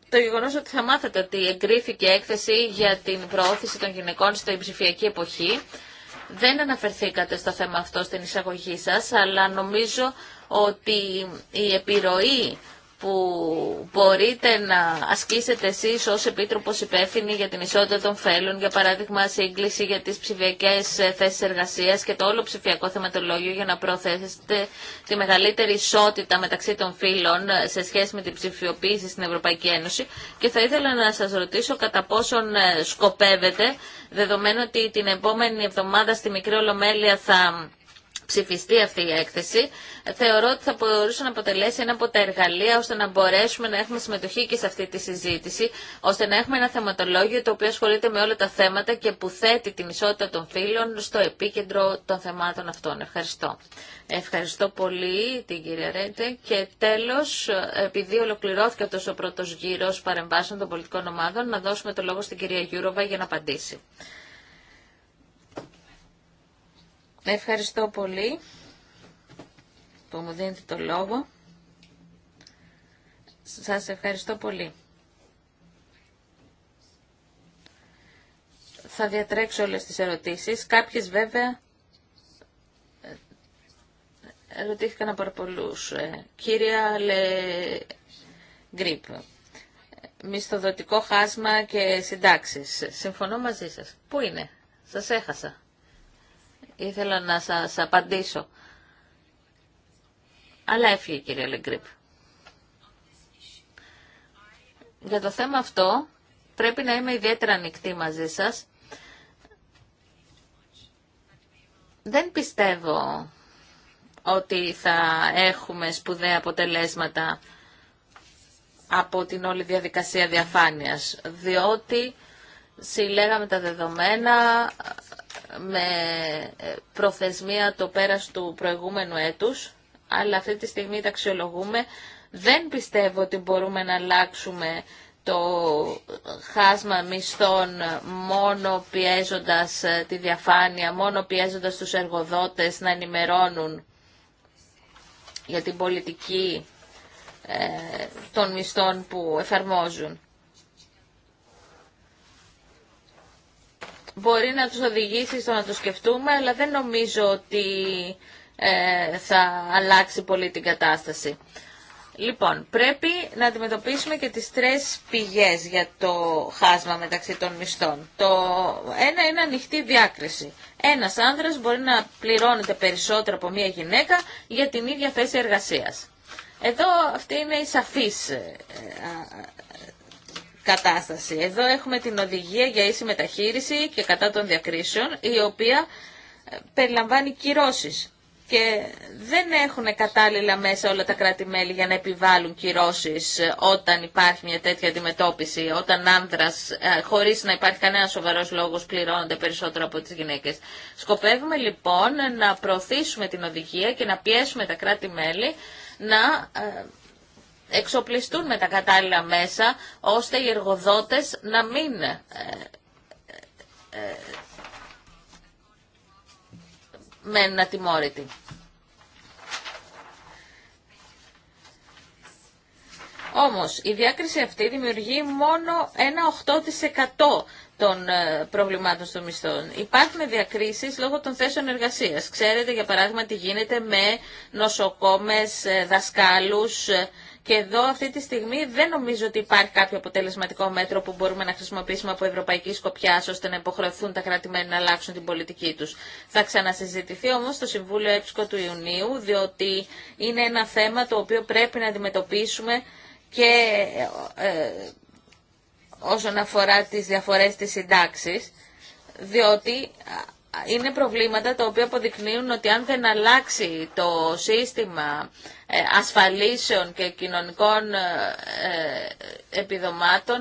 το γεγονό ότι θα μάθετε ότι εγκρίθηκε έκθεση για την προώθηση των γυναικών στην ψηφιακή εποχή. Δεν αναφερθήκατε στο θέμα αυτό στην εισαγωγή σας, αλλά νομίζω ότι η επιρροή που μπορείτε να ασκήσετε εσείς ως Επίτροπος υπεύθυνη για την ισότητα των φέλων, για παράδειγμα σύγκληση για τις ψηφιακές ε, θέσεις εργασίας και το όλο ψηφιακό θεματολόγιο για να προθέσετε τη μεγαλύτερη ισότητα μεταξύ των φύλων ε, σε σχέση με την ψηφιοποίηση στην Ευρωπαϊκή Ένωση και θα ήθελα να σας ρωτήσω κατά πόσον ε, σκοπεύετε, δεδομένου ότι την επόμενη εβδομάδα στη Μικρή Ολομέλεια θα ψηφιστεί αυτή η έκθεση, θεωρώ ότι θα μπορούσε να αποτελέσει ένα από τα εργαλεία ώστε να μπορέσουμε να έχουμε συμμετοχή και σε αυτή τη συζήτηση, ώστε να έχουμε ένα θεματολόγιο το οποίο ασχολείται με όλα τα θέματα και που θέτει την ισότητα των φύλων στο επίκεντρο των θεμάτων αυτών. Ευχαριστώ. Ευχαριστώ πολύ την κυρία Ρέντε και τέλο, επειδή ολοκληρώθηκε ο πρώτο γύρος παρεμβάσεων των πολιτικών ομάδων, να δώσουμε το λόγο στην κυρία Γιούροβα για να απαντήσει. Ευχαριστώ πολύ που μου δίνετε το λόγο. Σας ευχαριστώ πολύ. Θα διατρέξω όλες τις ερωτήσεις. Κάποιες βέβαια ερωτήθηκαν από πολλούς. Ε, κύρια Λε Γκρίπ, μισθοδοτικό χάσμα και συντάξεις. Συμφωνώ μαζί σας. Πού είναι, σας έχασα. Ήθελα να σας απαντήσω. Αλλά έφυγε η κυρία Λεγκρίπ. Για το θέμα αυτό πρέπει να είμαι ιδιαίτερα ανοιχτή μαζί σας. Δεν πιστεύω ότι θα έχουμε σπουδαία αποτελέσματα από την όλη διαδικασία διαφάνειας, διότι συλλέγαμε τα δεδομένα, με ε, προθεσμία το πέρας του προηγούμενου έτους, αλλά αυτή τη στιγμή τα αξιολογούμε. Δεν πιστεύω ότι μπορούμε να αλλάξουμε το χάσμα μισθών μόνο πιέζοντας ε, τη διαφάνεια, μόνο πιέζοντας τους εργοδότες να ενημερώνουν για την πολιτική ε, των μισθών που εφαρμόζουν. μπορεί να τους οδηγήσει στο να το σκεφτούμε, αλλά δεν νομίζω ότι ε, θα αλλάξει πολύ την κατάσταση. Λοιπόν, πρέπει να αντιμετωπίσουμε και τις τρεις πηγές για το χάσμα μεταξύ των μισθών. Το ένα είναι ανοιχτή διάκριση. Ένας άνδρας μπορεί να πληρώνεται περισσότερο από μία γυναίκα για την ίδια θέση εργασίας. Εδώ αυτή είναι η σαφής ε, κατάσταση. Εδώ έχουμε την οδηγία για ίση μεταχείριση και κατά των διακρίσεων, η οποία ε, περιλαμβάνει κυρώσεις. Και δεν έχουν κατάλληλα μέσα όλα τα κράτη-μέλη για να επιβάλλουν κυρώσεις ε, όταν υπάρχει μια τέτοια αντιμετώπιση, όταν άνδρας, ε, χωρίς να υπάρχει κανένα σοβαρός λόγος, πληρώνονται περισσότερο από τις γυναίκες. Σκοπεύουμε λοιπόν να προωθήσουμε την οδηγία και να πιέσουμε τα κράτη-μέλη να εξοπλιστούν με τα κατάλληλα μέσα, ώστε οι εργοδότες να μην ε, ε, ε μένουν ατιμόρυτοι. Όμως, η διάκριση αυτή δημιουργεί μόνο ένα 8% των ε, προβλημάτων στο μισθό. Υπάρχουν διακρίσεις λόγω των θέσεων εργασία. Ξέρετε, για παράδειγμα, τι γίνεται με νοσοκόμες, ε, δασκάλους, και εδώ αυτή τη στιγμή δεν νομίζω ότι υπάρχει κάποιο αποτελεσματικό μέτρο που μπορούμε να χρησιμοποιήσουμε από ευρωπαϊκή σκοπιά ώστε να υποχρεωθούν τα κρατημένα να αλλάξουν την πολιτική του. Θα ξανασυζητηθεί όμω το Συμβούλιο Έψικο του Ιουνίου, διότι είναι ένα θέμα το οποίο πρέπει να αντιμετωπίσουμε και ε, ε, όσον αφορά τις διαφορές της συντάξης, διότι είναι προβλήματα τα οποία αποδεικνύουν ότι αν δεν αλλάξει το σύστημα ε, ασφαλίσεων και κοινωνικών ε, ε, επιδομάτων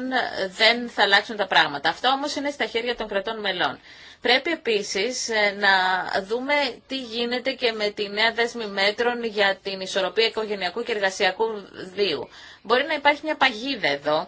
δεν θα αλλάξουν τα πράγματα. Αυτό όμως είναι στα χέρια των κρατών μελών. Πρέπει επίσης να δούμε τι γίνεται και με τη νέα δέσμη μέτρων για την ισορροπία οικογενειακού και εργασιακού δίου. Μπορεί να υπάρχει μια παγίδα εδώ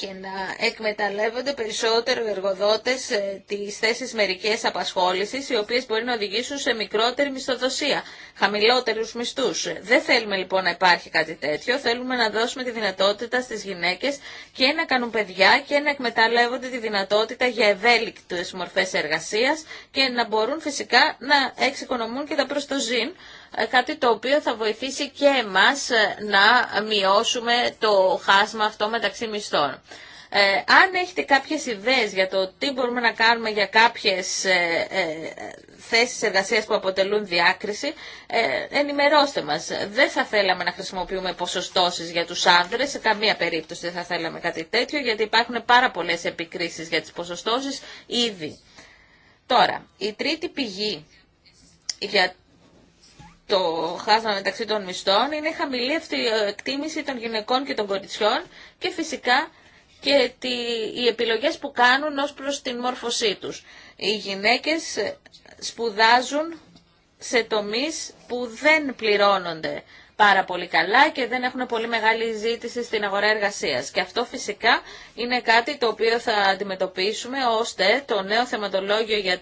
και να εκμεταλλεύονται περισσότερο οι εργοδότες ε, τις θέσεις μερικές απασχόλησης, οι οποίες μπορεί να οδηγήσουν σε μικρότερη μισθοδοσία, χαμηλότερους μισθούς. Δεν θέλουμε λοιπόν να υπάρχει κάτι τέτοιο, θέλουμε να δώσουμε τη δυνατότητα στις γυναίκες και να κάνουν παιδιά και να εκμεταλλεύονται τη δυνατότητα για ευέλικτες μορφές εργασίας και να μπορούν φυσικά να εξοικονομούν και τα προστοζήν, ε, κάτι το οποίο θα βοηθήσει και εμάς ε, να μειώσουμε το χάσμα αυτό μεταξύ μισθών. Ε, αν έχετε κάποιες ιδέες για το τι μπορούμε να κάνουμε για κάποιες ε, ε, θέσεις εργασίας που αποτελούν διάκριση, ε, ενημερώστε μας. Δεν θα θέλαμε να χρησιμοποιούμε ποσοστώσεις για τους άνδρες, σε καμία περίπτωση δεν θα θέλαμε κάτι τέτοιο, γιατί υπάρχουν πάρα πολλές επικρίσεις για τις ποσοστώσεις ήδη. Τώρα, η τρίτη πηγή για το χάσμα μεταξύ των μισθών, είναι χαμηλή αυτή η εκτίμηση των γυναικών και των κοριτσιών και φυσικά και τη, οι επιλογές που κάνουν ως προς την μόρφωσή τους. Οι γυναίκες σπουδάζουν σε τομείς που δεν πληρώνονται πάρα πολύ καλά και δεν έχουν πολύ μεγάλη ζήτηση στην αγορά εργασίας. Και αυτό φυσικά είναι κάτι το οποίο θα αντιμετωπίσουμε ώστε το νέο θεματολόγιο για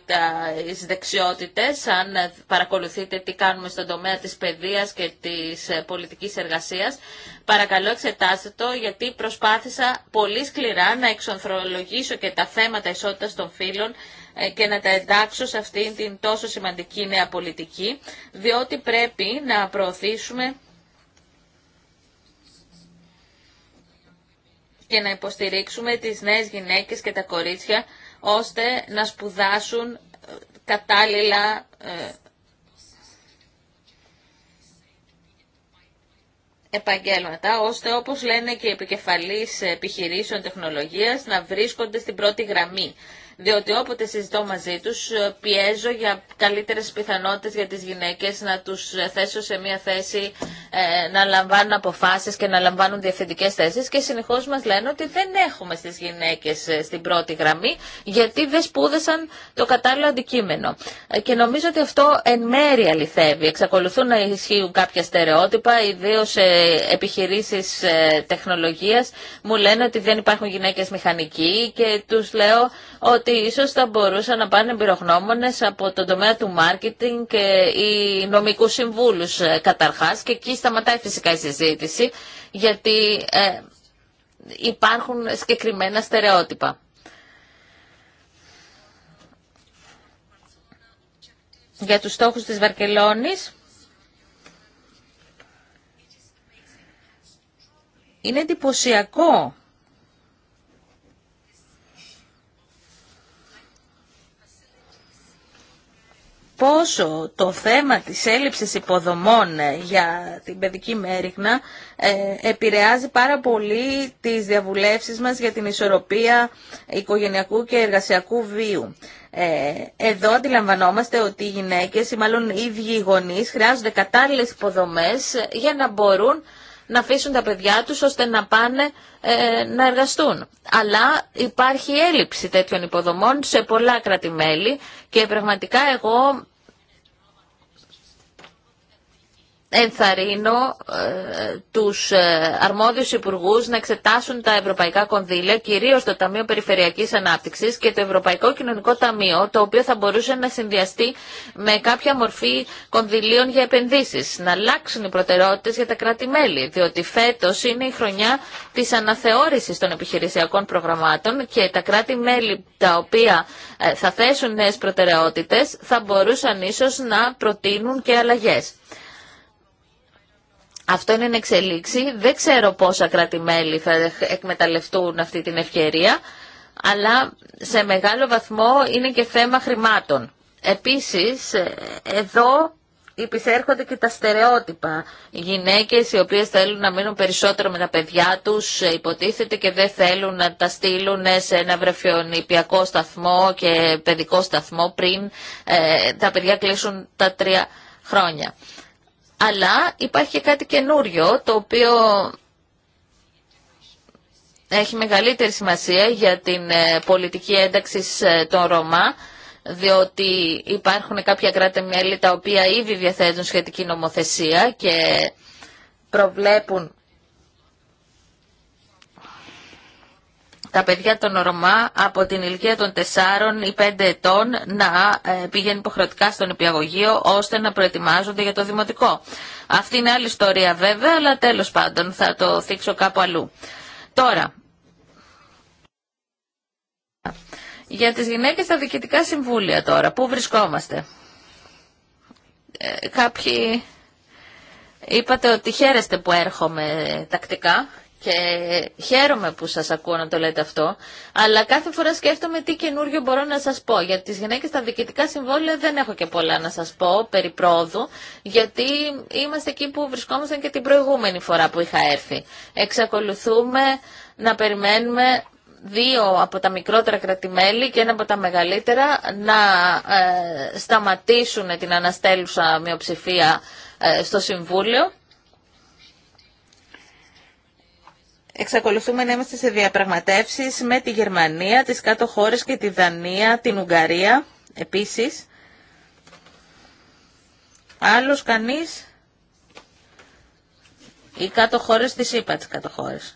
τις δεξιότητες, αν παρακολουθείτε τι κάνουμε στον τομέα της παιδείας και της ε, πολιτικής εργασίας, παρακαλώ εξετάστε το γιατί προσπάθησα πολύ σκληρά να εξονθρολογήσω και τα θέματα ισότητας των φύλων ε, και να τα εντάξω σε αυτήν την τόσο σημαντική νέα πολιτική, διότι πρέπει να προωθήσουμε και να υποστηρίξουμε τις νέες γυναίκες και τα κορίτσια ώστε να σπουδάσουν ε, κατάλληλα ε, επαγγέλματα, ώστε όπως λένε και οι επικεφαλείς επιχειρήσεων τεχνολογίας να βρίσκονται στην πρώτη γραμμή διότι όποτε συζητώ μαζί τους ε, πιέζω για καλύτερες πιθανότητες για τις γυναίκες να τους ε, θέσω σε μια θέση ε, να λαμβάνουν αποφάσεις και να λαμβάνουν διευθυντικές θέσεις και συνεχώς μας λένε ότι δεν έχουμε στις γυναίκες στην πρώτη γραμμή γιατί δεν σπούδασαν το κατάλληλο αντικείμενο. Και νομίζω ότι αυτό εν μέρει αληθεύει. Εξακολουθούν να ισχύουν κάποια στερεότυπα, ιδίω σε επιχειρήσει τεχνολογία. Μου λένε ότι δεν υπάρχουν γυναίκε μηχανικοί και του λέω ότι ίσως θα μπορούσαν να πάνε εμπειρογνώμονες από τον τομέα του μάρκετινγκ και οι νομικούς συμβούλους ε, καταρχάς και εκεί σταματάει φυσικά η συζήτηση γιατί ε, υπάρχουν συγκεκριμένα στερεότυπα. Για τους στόχους της Βαρκελόνης, είναι εντυπωσιακό πόσο το θέμα της έλλειψης υποδομών ε, για την παιδική μέρηχνα ε, επηρεάζει πάρα πολύ τις διαβουλεύσεις μας για την ισορροπία οικογενειακού και εργασιακού βίου. Ε, εδώ αντιλαμβανόμαστε ότι οι γυναίκες ή μάλλον οι ίδιοι οι γονείς χρειάζονται κατάλληλες υποδομές για να μπορούν να αφήσουν τα παιδιά τους ώστε να πάνε ε, να εργαστούν. Αλλά υπάρχει έλλειψη τέτοιων υποδομών σε πολλά κράτη-μέλη και πραγματικά εγώ ενθαρρύνω ε, τους ε, αρμόδιους υπουργούς να εξετάσουν τα ευρωπαϊκά κονδύλια, κυρίως το Ταμείο Περιφερειακής Ανάπτυξης και το Ευρωπαϊκό Κοινωνικό Ταμείο, το οποίο θα μπορούσε να συνδυαστεί με κάποια μορφή κονδυλίων για επενδύσεις, να αλλάξουν οι προτεραιότητες για τα κράτη-μέλη, διότι φέτος είναι η χρονιά της αναθεώρησης των επιχειρησιακών προγραμμάτων και τα κράτη-μέλη τα οποία ε, θα θέσουν νέες προτεραιότητες θα μπορούσαν ίσως να προτείνουν και αλλαγές. Αυτό είναι εξελίξη. Δεν ξέρω πόσα κράτη-μέλη θα εκμεταλλευτούν αυτή την ευκαιρία, αλλά σε μεγάλο βαθμό είναι και θέμα χρημάτων. Επίσης, ε, εδώ υπησέρχονται και τα στερεότυπα. Γυναίκες οι οποίες θέλουν να μείνουν περισσότερο με τα παιδιά τους, ε, υποτίθεται και δεν θέλουν να τα στείλουν ε, σε ένα βρεφιονιπιακό σταθμό και παιδικό σταθμό πριν τα παιδιά κλείσουν τα τρία χρόνια. Αλλά υπάρχει και κάτι καινούριο το οποίο έχει μεγαλύτερη σημασία για την ε, πολιτική ένταξη ε, των Ρωμά διότι υπάρχουν κάποια κράτη-μέλη τα οποία ήδη διαθέτουν σχετική νομοθεσία και προβλέπουν τα παιδιά των Ρωμά από την ηλικία των 4 ή 5 ετών να ε, πηγαίνουν υποχρεωτικά στον υπηαγωγείο ώστε να προετοιμάζονται για το δημοτικό. Αυτή είναι άλλη ιστορία βέβαια, αλλά τέλος πάντων θα το θίξω κάπου αλλού. Τώρα, για τις γυναίκες στα διοικητικά συμβούλια τώρα, πού βρισκόμαστε. Ε, κάποιοι είπατε ότι χαίρεστε που βρισκομαστε καποιοι ειπατε οτι τακτικά και χαίρομαι που σας ακούω να το λέτε αυτό, αλλά κάθε φορά σκέφτομαι τι καινούριο μπορώ να σας πω. Για τις γυναίκες στα διοικητικά συμβόλαια δεν έχω και πολλά να σας πω περί πρόοδου, γιατί είμαστε εκεί που βρισκόμασταν και την προηγούμενη φορά που είχα έρθει. Εξακολουθούμε να περιμένουμε δύο από τα μικρότερα κρατημέλη και ένα από τα μεγαλύτερα να ε, σταματήσουν την αναστέλουσα μειοψηφία ε, στο Συμβούλιο Εξακολουθούμε να είμαστε σε διαπραγματεύσεις με τη Γερμανία, τις κάτω χώρες και τη Δανία, την Ουγγαρία επίσης. Άλλος κανείς ή κάτω χώρες της Ήπα, τις κάτω χώρες.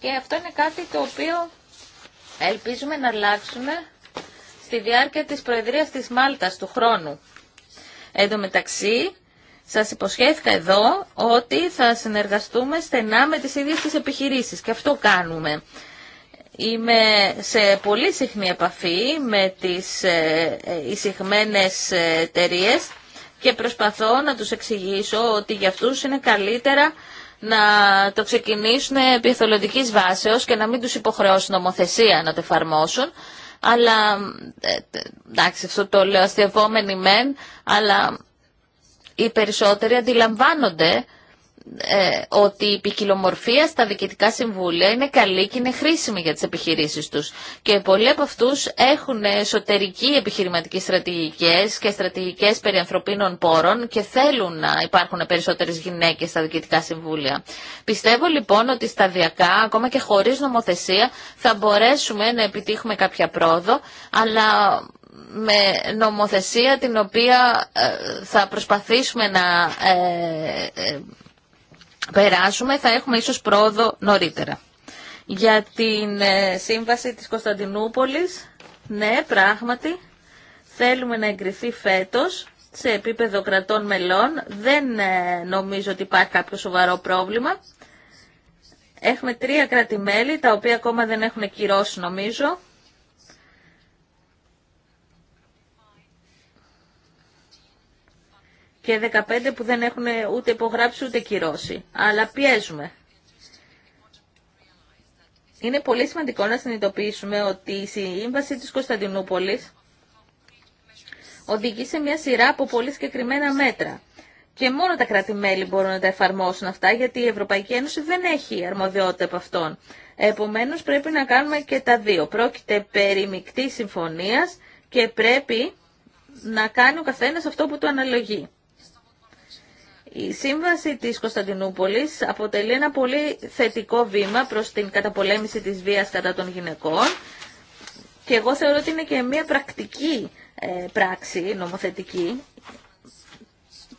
Και αυτό είναι κάτι το οποίο ελπίζουμε να αλλάξουμε στη διάρκεια της Προεδρίας της Μάλτας του χρόνου. Εν τω μεταξύ, σας υποσχέθηκα εδώ ότι θα συνεργαστούμε στενά με τις ίδιες τις επιχειρήσεις και αυτό κάνουμε. Είμαι σε πολύ συχνή επαφή με τις ε, ε, εισηγμένες ε, εταιρείε και προσπαθώ να τους εξηγήσω ότι για αυτούς είναι καλύτερα να το ξεκινήσουν επί εθελοντικής βάσεως και να μην τους υποχρεώσουν νομοθεσία να το εφαρμόσουν. Αλλά, εντάξει, αυτό το λέω αστευόμενοι μεν, αλλά οι περισσότεροι αντιλαμβάνονται ε, ότι η ποικιλομορφία στα διοικητικά συμβούλια είναι καλή και είναι χρήσιμη για τις επιχειρήσεις τους. Και πολλοί από αυτούς έχουν εσωτερική επιχειρηματική στρατηγικές και στρατηγικές περί ανθρωπίνων πόρων και θέλουν να υπάρχουν περισσότερες γυναίκες στα διοικητικά συμβούλια. Πιστεύω λοιπόν ότι σταδιακά, ακόμα και χωρίς νομοθεσία, θα μπορέσουμε να επιτύχουμε κάποια πρόοδο, αλλά με νομοθεσία την οποία ε, θα προσπαθήσουμε να ε, ε, περάσουμε, θα έχουμε ίσως πρόοδο νωρίτερα. Για την σύμβαση της Κωνσταντινούπολης, ναι, πράγματι, θέλουμε να εγκριθεί φέτος σε επίπεδο κρατών μελών. Δεν νομίζω ότι υπάρχει κάποιο σοβαρό πρόβλημα. Έχουμε τρία κράτη-μέλη, τα οποία ακόμα δεν έχουν κυρώσει νομίζω. και 15 που δεν έχουν ούτε υπογράψει ούτε κυρώσει. Αλλά πιέζουμε. Είναι πολύ σημαντικό να συνειδητοποιήσουμε ότι η σύμβαση της Κωνσταντινούπολης οδηγεί σε μια σειρά από πολύ συγκεκριμένα μέτρα. Και μόνο τα κράτη-μέλη μπορούν να τα εφαρμόσουν αυτά, γιατί η Ευρωπαϊκή Ένωση δεν έχει αρμοδιότητα από αυτόν. Επομένως πρέπει να κάνουμε και τα δύο. Πρόκειται περί μεικτής συμφωνίας και πρέπει να κάνει ο καθένας αυτό που του αναλογεί. Η Σύμβαση της Κωνσταντινούπολης αποτελεί ένα πολύ θετικό βήμα προς την καταπολέμηση της βίας κατά των γυναικών και εγώ θεωρώ ότι είναι και μια πρακτική ε, πράξη νομοθετική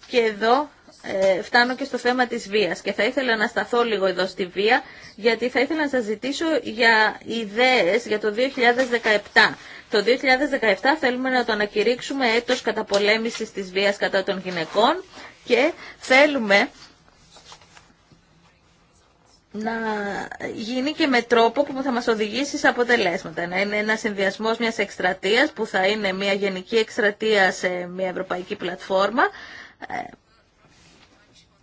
και εδώ ε, φτάνω και στο θέμα της βίας και θα ήθελα να σταθώ λίγο εδώ στη βία γιατί θα ήθελα να σας ζητήσω για ιδέες για το 2017. Το 2017 θέλουμε να το ανακηρύξουμε έτος καταπολέμησης της βίας κατά των γυναικών και θέλουμε να γίνει και με τρόπο που θα μας οδηγήσει σε αποτελέσματα. Να είναι ένα συνδυασμό μιας εκστρατείας που θα είναι μια γενική εκστρατεία σε μια ευρωπαϊκή πλατφόρμα. Ε,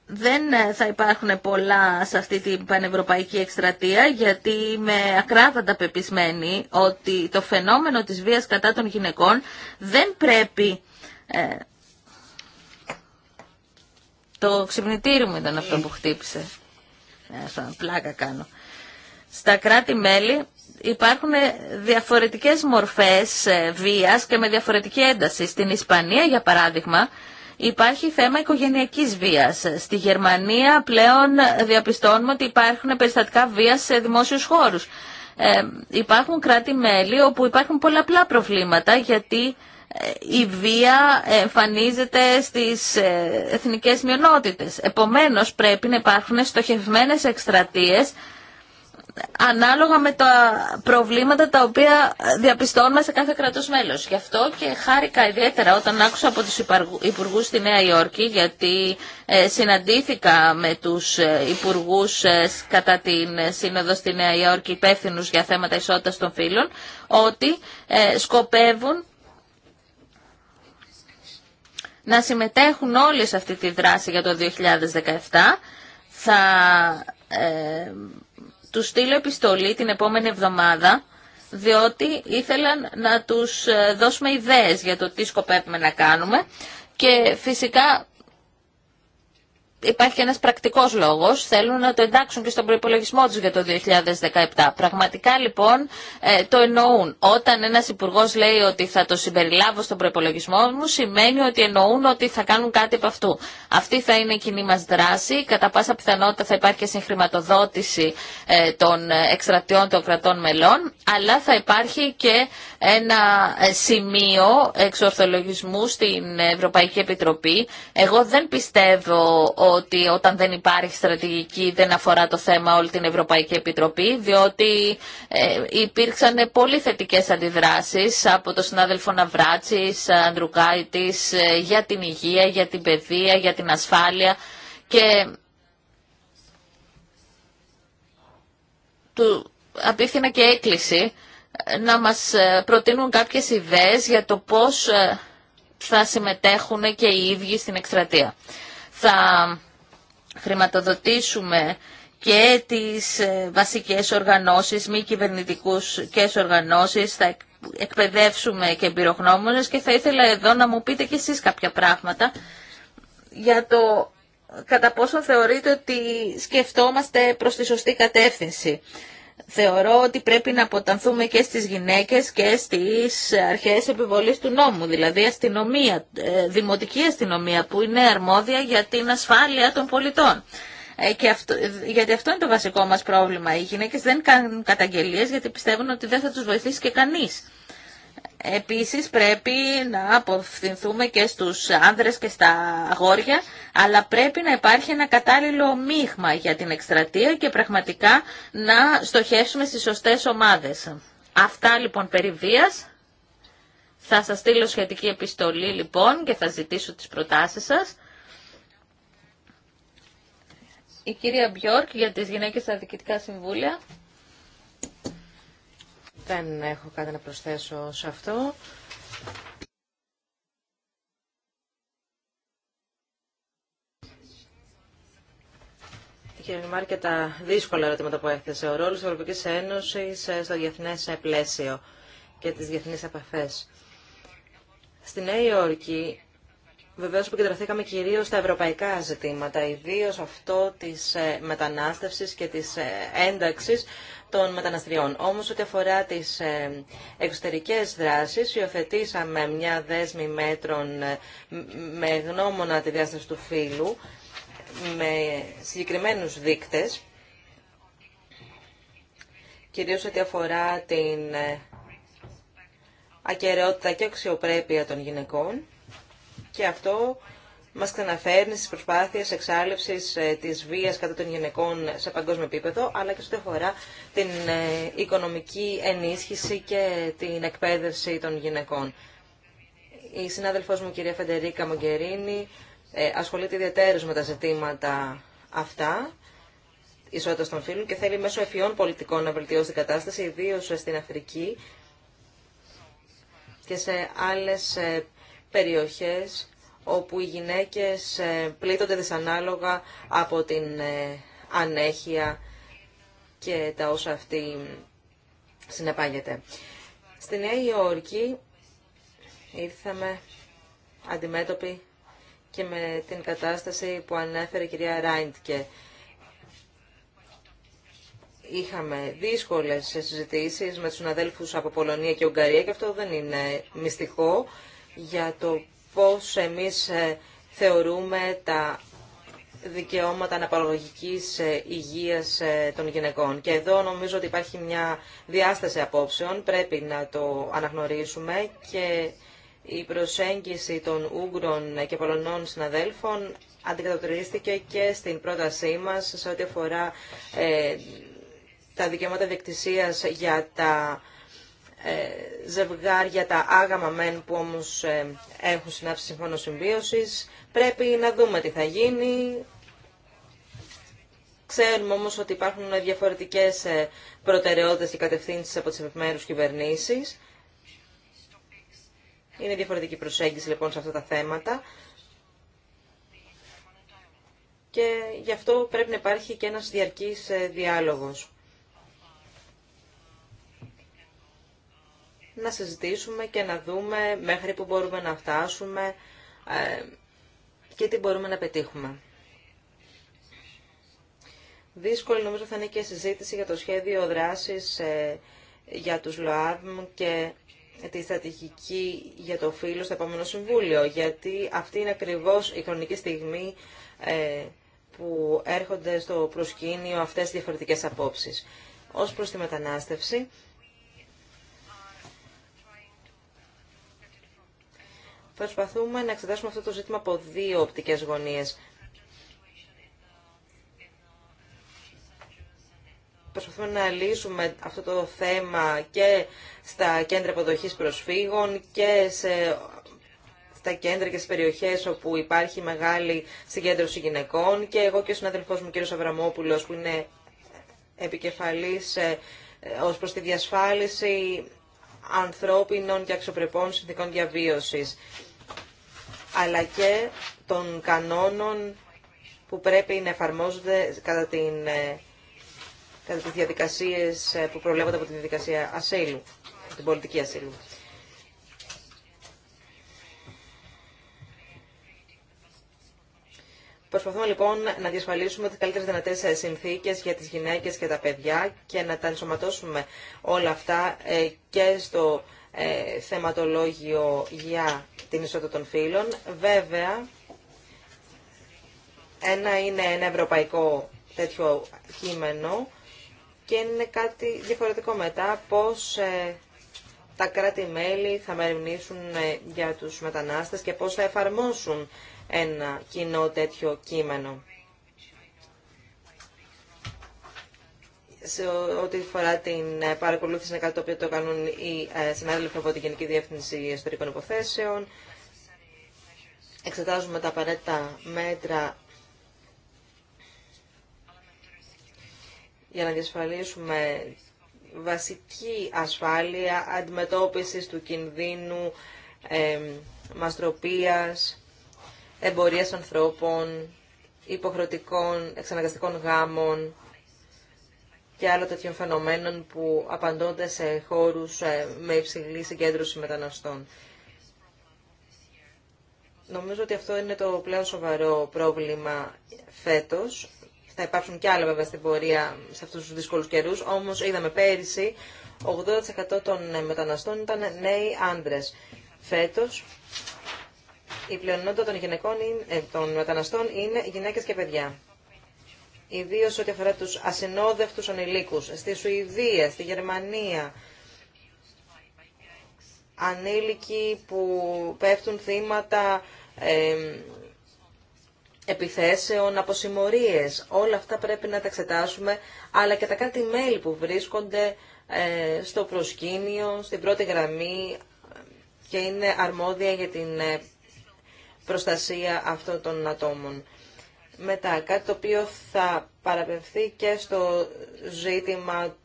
δεν θα υπάρχουν πολλά σε αυτή την πανευρωπαϊκή εκστρατεία γιατί είμαι ακράδαντα πεπισμένη ότι το φαινόμενο της βίας κατά των γυναικών δεν πρέπει ε, το ξυπνητήρι μου ήταν αυτό που χτύπησε. Ε, πλάκα κάνω. Στα κράτη-μέλη υπάρχουν διαφορετικές μορφές ε, βίας και με διαφορετική ένταση. Στην Ισπανία, για παράδειγμα, υπάρχει θέμα οικογενειακής βίας. Στη Γερμανία πλέον διαπιστώνουμε ότι υπάρχουν περιστατικά βίας σε δημόσιους χώρους. Ε, υπάρχουν κράτη-μέλη όπου υπάρχουν πολλαπλά προβλήματα γιατί η βία εμφανίζεται στις ε, εθνικές μειονότητες. Επομένως πρέπει να υπάρχουν στοχευμένες εκστρατείες ανάλογα με τα προβλήματα τα οποία διαπιστώνουμε σε κάθε κρατός μέλος. Γι' αυτό και χάρηκα ιδιαίτερα όταν άκουσα από τους υπουργούς στη Νέα Υόρκη, γιατί ε, συναντήθηκα με τους ε, υπουργού κατά την σύνοδο στη Νέα Υόρκη υπεύθυνου για θέματα ισότητας των φύλων, ότι σκοπεύουν να συμμετέχουν όλοι σε αυτή τη δράση για το 2017. Θα ε, τους στείλω επιστολή την επόμενη εβδομάδα, διότι ήθελαν να τους ε, δώσουμε ιδέες για το τι σκοπεύουμε να κάνουμε και φυσικά υπάρχει ένας πρακτικός λόγος, θέλουν να το εντάξουν και στον προϋπολογισμό τους για το 2017. Πραγματικά λοιπόν ε, το εννοούν. Όταν ένας υπουργός λέει ότι θα το συμπεριλάβω στον προϋπολογισμό μου, σημαίνει ότι εννοούν ότι θα κάνουν κάτι από αυτού. Αυτή θα είναι η κοινή μας δράση. Κατά πάσα πιθανότητα θα υπάρχει και συγχρηματοδότηση ε, των εξτρατιών των κρατών μελών, αλλά θα υπάρχει και ένα ε, σημείο εξορθολογισμού στην Ευρωπαϊκή Επιτροπή. Εγώ δεν πιστεύω ότι όταν δεν υπάρχει στρατηγική δεν αφορά το θέμα όλη την Ευρωπαϊκή Επιτροπή, διότι ε, υπήρξαν πολύ θετικές αντιδράσεις από τον συνάδελφο Ναυράτσης, Ανδρουκάητης, ε, για την υγεία, για την παιδεία, για την ασφάλεια και του απίθυνα και έκκληση ε, να μας προτείνουν κάποιες ιδέες για το πώς θα συμμετέχουν και οι ίδιοι στην εκστρατεία. Θα χρηματοδοτήσουμε και τις ε, βασικές οργανώσεις, μη κυβερνητικούς και οργανώσεις, θα εκπαιδεύσουμε και εμπειρογνώμονες και θα ήθελα εδώ να μου πείτε κι εσείς κάποια πράγματα για το κατά πόσο θεωρείτε ότι σκεφτόμαστε προς τη σωστή κατεύθυνση θεωρώ ότι πρέπει να αποτανθούμε και στις γυναίκες και στις αρχές επιβολής του νόμου, δηλαδή αστυνομία, ε, δημοτική αστυνομία που είναι αρμόδια για την ασφάλεια των πολιτών. Ε, και αυτό, ε, γιατί αυτό είναι το βασικό μας πρόβλημα. Οι γυναίκες δεν κάνουν καταγγελίες γιατί πιστεύουν ότι δεν θα τους βοηθήσει και κανείς. Επίσης πρέπει να αποφθυνθούμε και στους άνδρες και στα αγόρια, αλλά πρέπει να υπάρχει ένα κατάλληλο μείγμα για την εκστρατεία και πραγματικά να στοχεύσουμε στις σωστές ομάδες. Αυτά λοιπόν περί βίας. Θα σας στείλω σχετική επιστολή λοιπόν και θα ζητήσω τις προτάσεις σας. Η κυρία Μπιόρκ για τις γυναίκες στα διοικητικά συμβούλια. Δεν έχω κάτι να προσθέσω σε αυτό. Κύριε Μάρκετα, τα δύσκολα ερωτήματα που έθεσε. Ο ρόλος της Ευρωπαϊκής Ένωσης ε, στο διεθνές ε, πλαίσιο και τις διεθνείς επαφές. Στη Νέα Υόρκη, βεβαίως επικεντρωθήκαμε κυρίως στα ευρωπαϊκά ζητήματα, ιδίως αυτό της ε, μετανάστευσης και της ένταξης των μεταναστριών. Όμως, ό,τι αφορά τις ε, εξωτερικές δράσεις, υιοθετήσαμε μια δέσμη μέτρων ε, με γνώμονα τη διάσταση του φύλου, με συγκεκριμένους δίκτες, κυρίως ό,τι αφορά την ε, ακαιρεότητα και αξιοπρέπεια των γυναικών. Και αυτό μας ξαναφέρνει στις προσπάθειες εξάλληψης ε, της βίας κατά των γυναικών σε παγκόσμιο επίπεδο, αλλά και στο αφορά την ε, οικονομική ενίσχυση και την εκπαίδευση των γυναικών. Η συνάδελφός μου, κυρία Φεντερίκα Μογκερίνη, ε, ασχολείται ιδιαίτερως με τα ζητήματα αυτά ισότητα των φίλων και θέλει μέσω εφιών πολιτικών να βελτιώσει την κατάσταση, ιδίω στην Αφρική και σε άλλες περιοχές όπου οι γυναίκες ε, πλήττονται δυσανάλογα από την ε, ανέχεια και τα όσα αυτή συνεπάγεται. Στη Νέα Υόρκη ήρθαμε αντιμέτωποι και με την κατάσταση που ανέφερε η κυρία και Είχαμε δύσκολες συζητήσεις με τους αδέλφους από Πολωνία και Ουγγαρία και αυτό δεν είναι μυστικό για το πώς εμείς ε, θεωρούμε τα δικαιώματα αναπαραγωγικής ε, υγείας ε, των γυναικών. Και εδώ νομίζω ότι υπάρχει μια διάσταση απόψεων, πρέπει να το αναγνωρίσουμε και η προσέγγιση των Ούγγρων και Πολωνών συναδέλφων αντικατοπτρίστηκε και στην πρότασή μας σε ό,τι αφορά τα δικαιώματα διεκτησίας για τα ε, ζευγάρια, τα άγαμα μεν που όμως ε, έχουν συνάψει συμφώνω συμβίωσης. Πρέπει να δούμε τι θα γίνει. Ξέρουμε όμως ότι υπάρχουν διαφορετικές ε, προτεραιότητες και κατευθύνσεις από τις επιμέρους κυβερνήσεις. Είναι διαφορετική προσέγγιση λοιπόν σε αυτά τα θέματα. Και γι' αυτό πρέπει να υπάρχει και ένας διαρκής διάλογος. να συζητήσουμε και να δούμε μέχρι που μπορούμε να φτάσουμε ε, και τι μπορούμε να πετύχουμε. Δύσκολη νομίζω θα είναι και η συζήτηση για το σχέδιο δράσης ε, για τους ΛΟΑΔΜ και τη στρατηγική για το φύλλο στο επόμενο Συμβούλιο, γιατί αυτή είναι ακριβώς η χρονική στιγμή ε, που έρχονται στο προσκήνιο αυτές τις διαφορετικές απόψεις. Ως προς τη μετανάστευση, Προσπαθούμε να εξετάσουμε αυτό το ζήτημα από δύο οπτικές γωνίες. Προσπαθούμε να λύσουμε αυτό το θέμα και στα κέντρα υποδοχής προσφύγων και σε τα κέντρα και στις περιοχές όπου υπάρχει μεγάλη συγκέντρωση γυναικών και εγώ και ο συνάδελφός μου κύριος Αβραμόπουλος που είναι επικεφαλής ε, ως προς τη διασφάλιση ανθρώπινων και αξιοπρεπών συνθήκων διαβίωσης, αλλά και των κανόνων που πρέπει να εφαρμόζονται κατά, την, ε, κατά τις διαδικασίες ε, που προβλέπονται από τη διαδικασία ασύλου, την πολιτική ασύλου. Προσπαθούμε λοιπόν να διασφαλίσουμε τις καλύτερε δυνατές ε, συνθήκε για τις γυναίκες και τα παιδιά και να τα ενσωματώσουμε όλα αυτά ε, και στο ε, θεματολόγιο για την ισότητα των φύλων. Βέβαια, ένα είναι ένα ευρωπαϊκό τέτοιο κείμενο και είναι κάτι διαφορετικό μετά πώς τα κράτη-μέλη θα μεριμνήσουν για τους μετανάστες και πώς θα εφαρμόσουν ένα κοινό τέτοιο κείμενο. σε ό,τι φορά την ε, παρακολούθηση είναι κάτι το οποίο το κάνουν οι ε, συνάδελφοι από την Γενική Διεύθυνση Ιστορικών Υποθέσεων. Εξετάζουμε τα απαραίτητα μέτρα για να διασφαλίσουμε βασική ασφάλεια αντιμετώπισης του κινδύνου ε, μαστροπίας εμπορίας ανθρώπων, υποχρεωτικών εξαναγκαστικών γάμων και άλλων τέτοιων φαινομένων που απαντώνται σε χώρους ε, με υψηλή συγκέντρωση μεταναστών. Νομίζω ότι αυτό είναι το πλέον σοβαρό πρόβλημα φέτος. Θα υπάρξουν και άλλα βέβαια στην πορεία σε αυτούς τους δύσκολους καιρούς, όμως είδαμε πέρυσι 80% των μεταναστών ήταν νέοι άντρες. Φέτος η πλειονότητα των, γυναικών, ε, των μεταναστών είναι γυναίκες και παιδιά. Ιδίω ό,τι αφορά τους ασυνόδευτους ανηλίκους. Στη Σουηδία, στη Γερμανία, ανήλικοι που πέφτουν θύματα ε, επιθέσεων, αποσημωρίες. Όλα αυτά πρέπει να τα εξετάσουμε, αλλά και τα κάτι μέλη που βρίσκονται ε, στο προσκήνιο, στην πρώτη γραμμή ε, και είναι αρμόδια για την προστασία αυτών των ατόμων. Μετά, κάτι το οποίο θα παραπευθεί και στο ζήτημα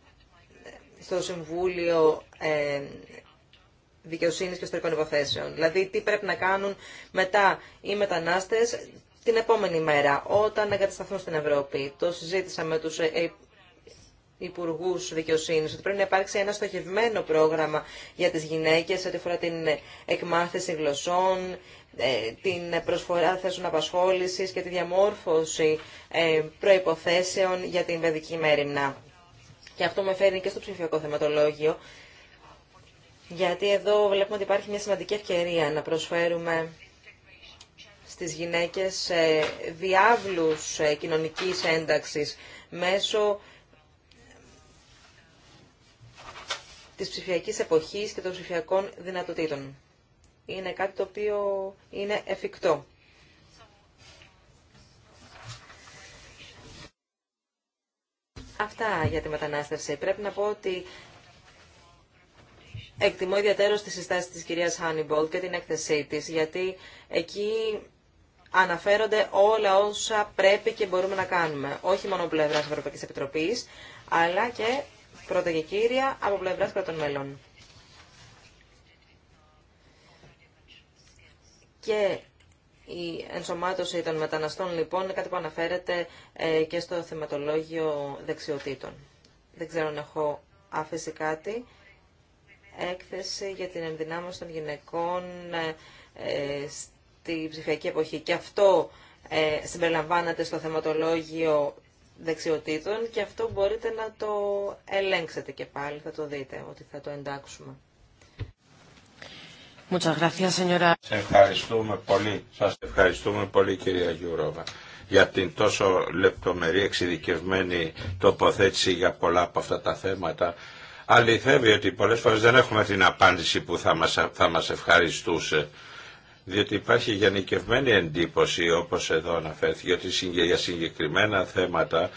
στο Συμβούλιο ε, Δικαιοσύνης και Ιστορικών Υποθέσεων. Δηλαδή, τι πρέπει να κάνουν μετά οι μετανάστες την επόμενη μέρα, όταν εγκατασταθούν στην Ευρώπη. Το συζήτησα με τους ε, ε, υπουργού δικαιοσύνη, ότι πρέπει να υπάρξει ένα στοχευμένο πρόγραμμα για τι γυναίκε ό,τι αφορά την εκμάθηση γλωσσών, ε, την προσφορά θέσεων απασχόλησης και τη διαμόρφωση ε, προϋποθέσεων για την παιδική μέρημνα. Και αυτό με φέρνει και στο ψηφιακό θεματολόγιο, γιατί εδώ βλέπουμε ότι υπάρχει μια σημαντική ευκαιρία να προσφέρουμε στις γυναίκες ε, διάβλους κοινωνικής ένταξης μέσω της ψηφιακής εποχής και των ψηφιακών δυνατοτήτων είναι κάτι το οποίο είναι εφικτό. Αυτά για τη μετανάστευση. Πρέπει να πω ότι εκτιμώ ιδιαίτερα τη συστάση της κυρίας Χάνιμπολ και την έκθεσή της, γιατί εκεί αναφέρονται όλα όσα πρέπει και μπορούμε να κάνουμε. Όχι μόνο πλευράς Ευρωπαϊκής Επιτροπής, αλλά και πρώτα και κύρια από πλευράς κρατών μελών. Και η ενσωμάτωση των μεταναστών λοιπόν είναι κάτι που αναφέρεται ε, και στο θεματολόγιο δεξιοτήτων. Δεν ξέρω αν έχω άφησε κάτι. Έκθεση για την ενδυνάμωση των γυναικών ε, ε, στη ψηφιακή εποχή. Και αυτό συμπεριλαμβάνεται στο θεματολόγιο δεξιοτήτων και αυτό μπορείτε να το ελέγξετε και πάλι, θα το δείτε ότι θα το εντάξουμε. Σε ευχαριστούμε πολύ. Σας ευχαριστούμε πολύ κυρία Γιούροβα για την τόσο λεπτομερή εξειδικευμένη τοποθέτηση για πολλά από αυτά τα θέματα. Αληθεύει ότι πολλές φορές δεν έχουμε την απάντηση που θα μας, θα μας ευχαριστούσε. Διότι υπάρχει γενικευμένη εντύπωση, όπως εδώ αναφέρθηκε, ότι για συγκεκριμένα θέματα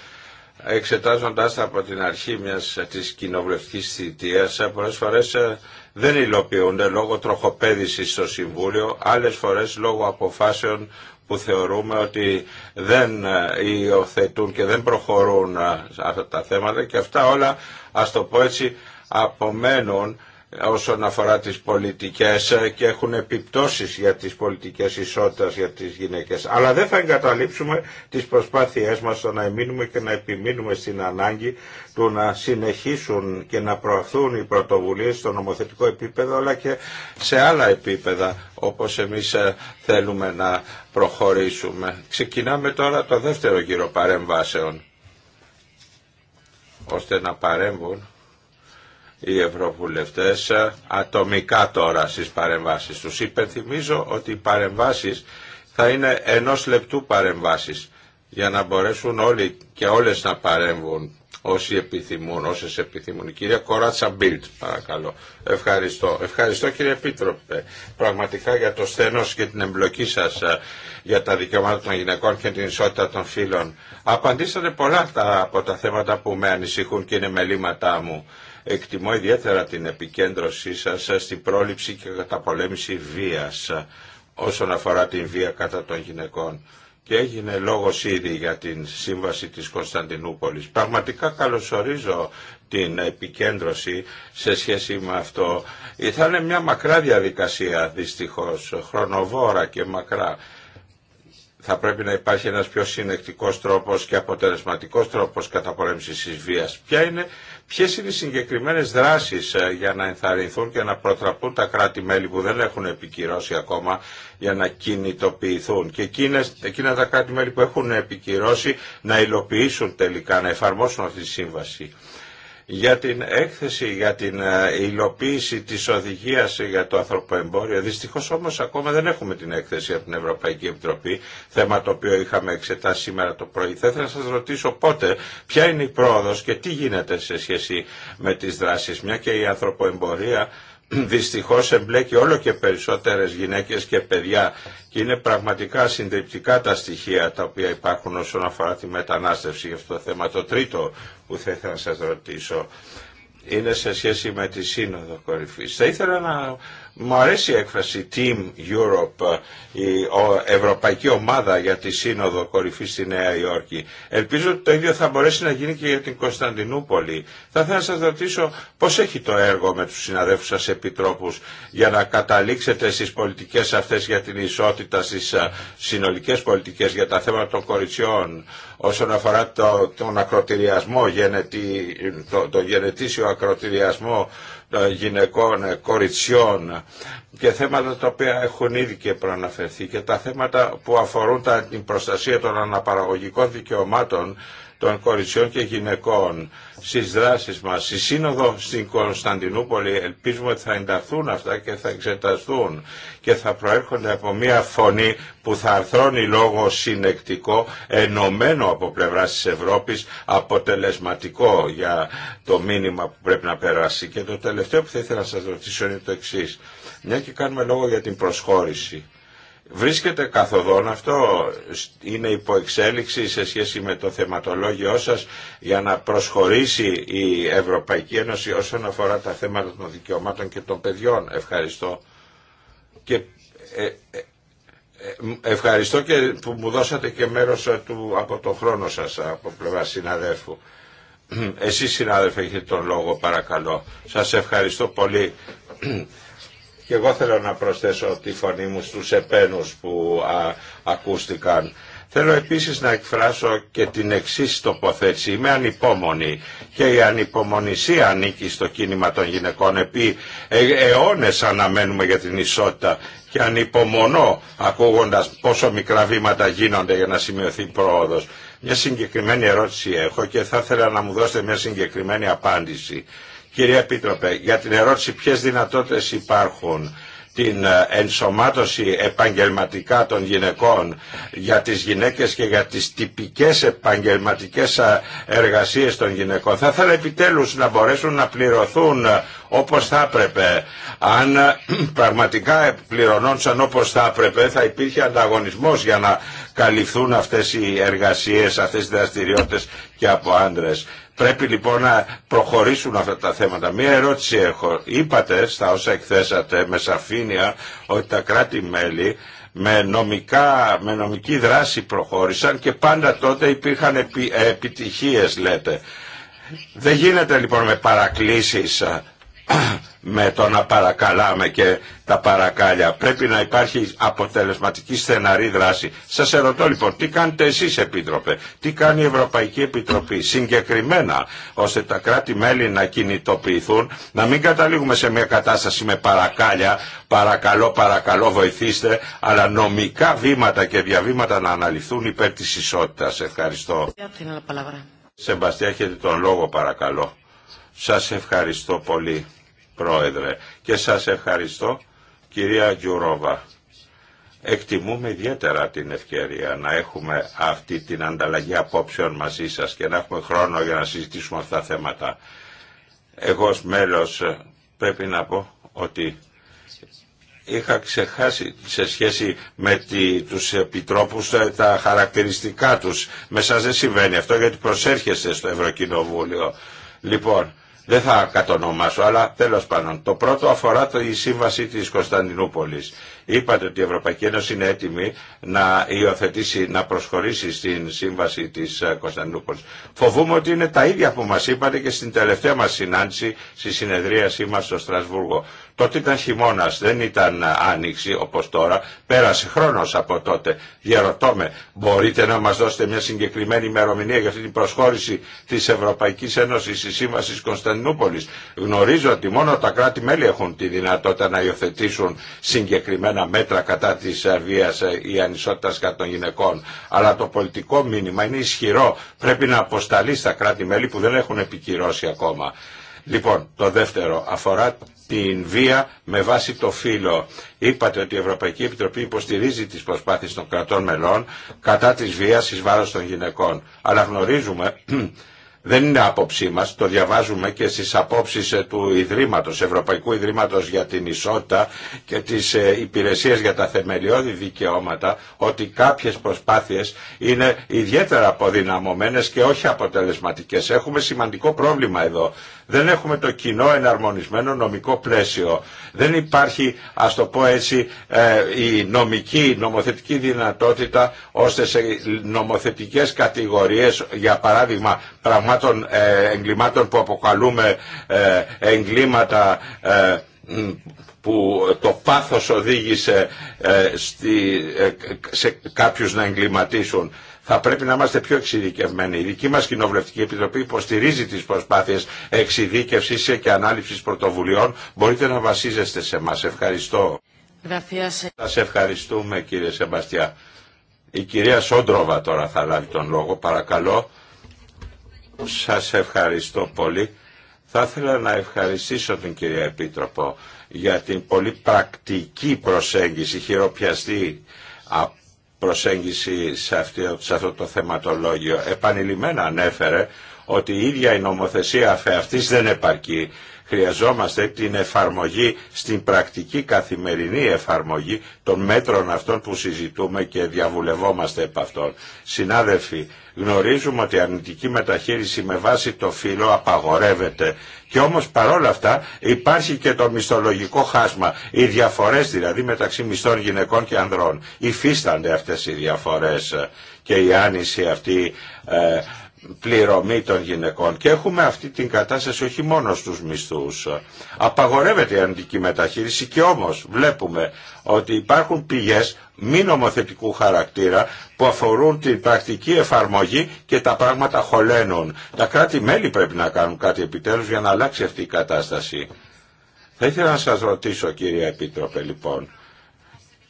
εξετάζοντας από την αρχή μια της κοινοβουλευτικής θητείας πολλές φορές ε, δεν υλοποιούνται λόγω τροχοπέδησης στο Συμβούλιο, άλλες φορές λόγω αποφάσεων που θεωρούμε ότι δεν ε, υιοθετούν και δεν προχωρούν ε, αυτά τα θέματα και αυτά όλα, ας το πω έτσι, απομένουν όσον αφορά τις πολιτικές και έχουν επιπτώσεις για τις πολιτικές ισότητας για τις γυναίκες. Αλλά δεν θα εγκαταλείψουμε τις προσπάθειές μας στο να εμείνουμε και να επιμείνουμε στην ανάγκη του να συνεχίσουν και να προαχθούν οι πρωτοβουλίες στο νομοθετικό επίπεδο αλλά και σε άλλα επίπεδα όπως εμείς ε, θέλουμε να προχωρήσουμε. Ξεκινάμε τώρα το δεύτερο γύρο παρεμβάσεων ώστε να παρέμβουν οι ευρωβουλευτές ε, ατομικά τώρα στις παρεμβάσεις τους. Υπενθυμίζω ότι οι παρεμβάσεις θα είναι ενός λεπτού παρεμβάσεις για να μπορέσουν όλοι και όλες να παρέμβουν όσοι επιθυμούν, όσες επιθυμούν. κυρία Κοράτσα Μπίλτ, παρακαλώ. Ευχαριστώ. Ευχαριστώ κύριε Επίτροπε, πραγματικά για το στένο και την εμπλοκή σας ε, για τα δικαιώματα των γυναικών και την ισότητα των φίλων Απαντήσατε πολλά από τα θέματα που με ανησυχούν και είναι μελήματά μου. Εκτιμώ ιδιαίτερα την επικέντρωσή σας στην πρόληψη και καταπολέμηση βίας όσον αφορά την βία κατά των γυναικών. Και έγινε λόγος ήδη για την σύμβαση της Κωνσταντινούπολης. Πραγματικά καλωσορίζω την επικέντρωση σε σχέση με αυτό. Θα είναι μια μακρά διαδικασία δυστυχώς, χρονοβόρα και μακρά. Θα πρέπει να υπάρχει ένας πιο συνεκτικός τρόπος και αποτελεσματικός τρόπος καταπολέμησης της βίας. Ποια είναι Ποιε είναι οι συγκεκριμένε δράσει ε, για να ενθαρρυνθούν και να προτραπούν τα κράτη-μέλη που δεν έχουν επικυρώσει ακόμα για να κινητοποιηθούν και εκείνες, εκείνα τα κράτη-μέλη που έχουν επικυρώσει να υλοποιήσουν τελικά, να εφαρμόσουν αυτή τη σύμβαση για την έκθεση, για την ε, υλοποίηση της οδηγίας για το ανθρωποεμπόριο. Δυστυχώς όμως ακόμα δεν έχουμε την έκθεση από την Ευρωπαϊκή Επιτροπή, θέμα το οποίο είχαμε εξετάσει σήμερα το πρωί. Θα ήθελα να σας ρωτήσω πότε, ποια είναι η πρόοδος και τι γίνεται σε σχέση με τις δράσεις, μια και η ανθρωποεμπορία δυστυχώς εμπλέκει όλο και περισσότερες γυναίκες και παιδιά και είναι πραγματικά συντριπτικά τα στοιχεία τα οποία υπάρχουν όσον αφορά τη μετανάστευση για αυτό το θέμα. Το τρίτο που θα ήθελα να σας ρωτήσω είναι σε σχέση με τη Σύνοδο Κορυφής. Θα ήθελα να μου αρέσει η έκφραση Team Europe, η Ευρωπαϊκή Ομάδα για τη Σύνοδο Κορυφή στη Νέα Υόρκη. Ελπίζω ότι το ίδιο θα μπορέσει να γίνει και για την Κωνσταντινούπολη. Θα ήθελα να σας ρωτήσω πώς έχει το έργο με τους συναδέλφους σας επιτρόπους για να καταλήξετε στις πολιτικές αυτές για την ισότητα, στις συνολικές πολιτικές για τα θέματα των κοριτσιών όσον αφορά τον ακροτηριασμό, γενετή, το, γενετήσιο ακροτηριασμό ε, γυναικών, ε, κοριτσιών και θέματα τα οποία έχουν ήδη και προαναφερθεί και τα θέματα που αφορούν την προστασία των αναπαραγωγικών δικαιωμάτων των κοριτσιών και γυναικών στις δράσεις μας. Στη Σύνοδο στην Κωνσταντινούπολη ελπίζουμε ότι θα ενταθούν αυτά και θα εξεταστούν και θα προέρχονται από μια φωνή που θα αρθρώνει λόγο συνεκτικό, ενωμένο από πλευρά της Ευρώπης, αποτελεσματικό για το μήνυμα που πρέπει να περάσει. Και το τελευταίο που θα ήθελα να σας ρωτήσω είναι το εξή. Μια και κάνουμε λόγο για την προσχώρηση. Βρίσκεται καθοδόν αυτό, είναι υπό σε σχέση με το θεματολόγιο σας για να προσχωρήσει η Ευρωπαϊκή Ένωση όσον αφορά τα θέματα των δικαιωμάτων και των παιδιών. Ευχαριστώ. Και ε, ε, ε, ευχαριστώ και που μου δώσατε και μέρος του, από τον χρόνο σας από πλευρά συναδέλφου. Εσείς συνάδελφοι έχετε τον λόγο παρακαλώ. Σας ευχαριστώ πολύ και εγώ θέλω να προσθέσω τη φωνή μου στους επένους που ακούστηκαν. Θέλω επίσης να εκφράσω και την εξή τοποθέτηση. Είμαι ανυπόμονη και η ανυπομονησία ανήκει στο κίνημα των γυναικών. Επί ε, αιώνες αναμένουμε για την ισότητα και ανυπομονώ ακούγοντας πόσο μικρά βήματα γίνονται για να σημειωθεί πρόοδος. Μια συγκεκριμένη ερώτηση έχω και θα ήθελα να μου δώσετε μια συγκεκριμένη απάντηση. Κυρία Επίτροπε, για την ερώτηση ποιες δυνατότητες υπάρχουν την ε, ενσωμάτωση επαγγελματικά των γυναικών για τις γυναίκες και για τις τυπικές επαγγελματικές ε, εργασίες των γυναικών. Θα ήθελα επιτέλους να μπορέσουν να πληρωθούν ε, όπως θα έπρεπε. Αν πραγματικά πληρωνόντουσαν όπως θα έπρεπε θα υπήρχε ανταγωνισμός για να καλυφθούν αυτές οι εργασίες, αυτές οι δραστηριότητες και από άντρες. Πρέπει λοιπόν να προχωρήσουν αυτά τα θέματα. Μία ερώτηση έχω. Είπατε στα όσα εκθέσατε με σαφήνεια ότι τα κράτη-μέλη με, με νομική δράση προχώρησαν και πάντα τότε υπήρχαν επι, επιτυχίες λέτε. Δεν γίνεται λοιπόν με παρακλήσεις με το να παρακαλάμε και τα παρακάλια. Πρέπει να υπάρχει αποτελεσματική στεναρή δράση. Σας ερωτώ λοιπόν, τι κάνετε εσείς Επίτροπε, τι κάνει η Ευρωπαϊκή Επιτροπή συγκεκριμένα, ώστε τα κράτη-μέλη να κινητοποιηθούν, να μην καταλήγουμε σε μια κατάσταση με παρακάλια, παρακαλώ, παρακαλώ βοηθήστε, αλλά νομικά βήματα και διαβήματα να αναλυθούν υπέρ της ισότητας. Ευχαριστώ. Σεμπαστιά, έχετε τον λόγο παρακαλώ. Σας ευχαριστώ πολύ. Πρόεδρε. Και σας ευχαριστώ, κυρία Γιουρόβα. Εκτιμούμε ιδιαίτερα την ευκαιρία να έχουμε αυτή την ανταλλαγή απόψεων μαζί σας και να έχουμε χρόνο για να συζητήσουμε αυτά τα θέματα. Εγώ ως μέλος πρέπει να πω ότι είχα ξεχάσει σε σχέση με τη, τους επιτρόπους ε, τα χαρακτηριστικά τους. Με σας δεν συμβαίνει αυτό γιατί προσέρχεστε στο Ευρωκοινοβούλιο. Λοιπόν, δεν θα κατονομάσω, αλλά τέλος πάντων. Το πρώτο αφορά το, η σύμβαση της Κωνσταντινούπολης. Είπατε ότι η Ευρωπαϊκή Ένωση είναι έτοιμη να υιοθετήσει, να προσχωρήσει στην σύμβαση της ε, Κωνσταντινούπολης. Φοβούμαι ότι είναι τα ίδια που μας είπατε και στην τελευταία μας συνάντηση, στη συνεδρίασή μας στο Στρασβούργο. Τότε ήταν χειμώνα, δεν ήταν άνοιξη όπω τώρα. Πέρασε χρόνο από τότε. Διαρωτώ με, μπορείτε να μα δώσετε μια συγκεκριμένη ημερομηνία για αυτή την προσχώρηση τη Ευρωπαϊκή Ένωση στη Σύμβαση Κωνσταντινούπολη. Γνωρίζω ότι μόνο τα κράτη-μέλη έχουν τη δυνατότητα να υιοθετήσουν συγκεκριμένα μέτρα κατά τη βία ή ανισότητα κατά των γυναικών. Αλλά το πολιτικό μήνυμα είναι ισχυρό. Πρέπει να αποσταλεί στα κράτη-μέλη που δεν έχουν επικυρώσει ακόμα. Λοιπόν, το δεύτερο αφορά την βία με βάση το φύλλο. Είπατε ότι η Ευρωπαϊκή Επιτροπή υποστηρίζει τις προσπάθειες των κρατών μελών κατά της βίας εις βάρος των γυναικών. Αλλά γνωρίζουμε δεν είναι άποψή μας, το διαβάζουμε και στις απόψεις ε, του Ιδρύματος, Ευρωπαϊκού Ιδρύματος για την Ισότητα και τις ε, υπηρεσίες για τα θεμελιώδη δικαιώματα, ότι κάποιες προσπάθειες είναι ιδιαίτερα αποδυναμωμένες και όχι αποτελεσματικές. Έχουμε σημαντικό πρόβλημα εδώ. Δεν έχουμε το κοινό εναρμονισμένο νομικό πλαίσιο. Δεν υπάρχει, ας το πω έτσι, ε, η νομική, νομοθετική δυνατότητα ώστε σε νομοθετικές κατηγορίες, για παράδειγμα πραγμάτων, ε, εγκλημάτων που αποκαλούμε ε, εγκλήματα ε, που το πάθος οδήγησε σε κάποιους να εγκληματίσουν. Θα πρέπει να είμαστε πιο εξειδικευμένοι. Η δική μας Κοινοβουλευτική Επιτροπή υποστηρίζει τις προσπάθειες εξειδίκευσης και ανάληψης πρωτοβουλειών. Μπορείτε να βασίζεστε σε μας. Ευχαριστώ. Σας ευχαριστούμε κύριε Σεμπαστιά. Η κυρία Σόντροβα τώρα θα λάβει τον λόγο. Παρακαλώ. Σας ευχαριστώ πολύ. Θα ήθελα να ευχαριστήσω την κυρία Επίτροπο για την πολύ πρακτική προσέγγιση, χειροπιαστή προσέγγιση σε αυτό, το θεματολόγιο. Επανειλημμένα ανέφερε ότι η ίδια η νομοθεσία αυτής δεν επαρκεί. Χρειαζόμαστε την εφαρμογή, στην πρακτική καθημερινή εφαρμογή των μέτρων αυτών που συζητούμε και διαβουλευόμαστε επ' αυτών. Συνάδελφοι, Γνωρίζουμε ότι η αρνητική μεταχείριση με βάση το φύλλο απαγορεύεται και όμως παρόλα αυτά υπάρχει και το μισθολογικό χάσμα. Οι διαφορές δηλαδή μεταξύ μισθών γυναικών και ανδρών. Υφίστανται αυτές οι διαφορές και η άνηση αυτή ε, πληρωμή των γυναικών και έχουμε αυτή την κατάσταση όχι μόνο στους μισθούς. Απαγορεύεται η αντική μεταχείριση και όμως βλέπουμε ότι υπάρχουν πηγές μη νομοθετικού χαρακτήρα που αφορούν την πρακτική εφαρμογή και τα πράγματα χωλένουν. Τα κράτη-μέλη πρέπει να κάνουν κάτι επιτέλους για να αλλάξει αυτή η κατάσταση. Θα ήθελα να σας ρωτήσω κύριε Επίτροπε λοιπόν,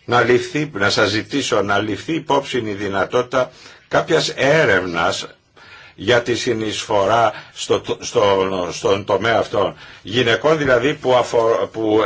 να, ληφθεί, να σας ζητήσω να ληφθεί υπόψη η δυνατότητα κάποιας έρευνας για τη συνεισφορά στο, στον τομέα αυτό. Γυναικών δηλαδή που, που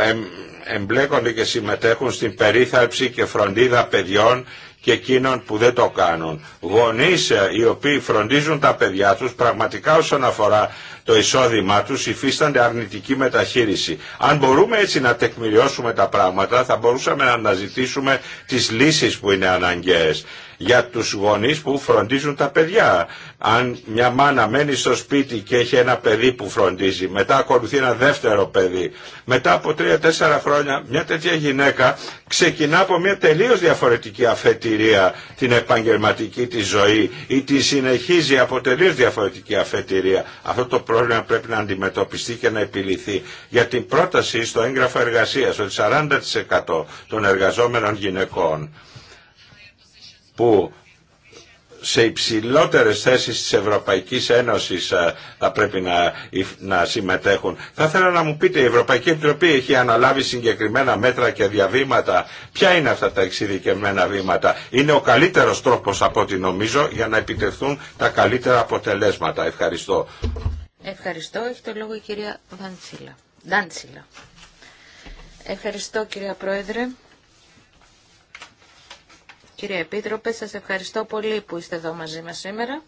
εμπλέκονται και συμμετέχουν στην περίθαλψη και φροντίδα παιδιών και εκείνων που δεν το κάνουν. Γονείς ε, οι οποίοι φροντίζουν τα παιδιά τους πραγματικά όσον αφορά το εισόδημά τους υφίστανται αρνητική μεταχείριση. Αν μπορούμε έτσι να τεκμηριώσουμε τα πράγματα θα μπορούσαμε να αναζητήσουμε τις λύσεις που είναι αναγκαίες για τους γονείς που φροντίζουν τα παιδιά. Αν μια μάνα μένει στο σπίτι και έχει ένα παιδί που φροντίζει, μετά ακολουθεί ένα δεύτερο παιδί, μετά από τρία-τέσσερα χρόνια μια τέτοια γυναίκα ξεκινά από μια τελείως διαφορετική αφετηρία την επαγγελματική τη ζωή ή τη συνεχίζει από τελείως διαφορετική αφετηρία. Αυτό το πρόβλημα πρέπει να αντιμετωπιστεί και να επιληθεί. Για την πρόταση στο έγγραφο εργασίας ότι 40% των εργαζόμενων γυναικών που σε υψηλότερες θέσεις της Ευρωπαϊκής Ένωσης ε, θα πρέπει να, συμμετέχουν. Θα ήθελα να μου πείτε, η Ευρωπαϊκή Επιτροπή έχει αναλάβει συγκεκριμένα μέτρα και διαβήματα. Ποια είναι αυτά τα εξειδικευμένα βήματα. Είναι ο καλύτερος τρόπος από ό,τι νομίζω για να επιτευχθούν τα καλύτερα αποτελέσματα. Ευχαριστώ. Ευχαριστώ. Έχει το λόγο η κυρία Δάντσιλα. Ευχαριστώ κυρία Πρόεδρε. Κύριε Επίτροπε, σας ευχαριστώ πολύ που είστε εδώ μαζί μας σήμερα.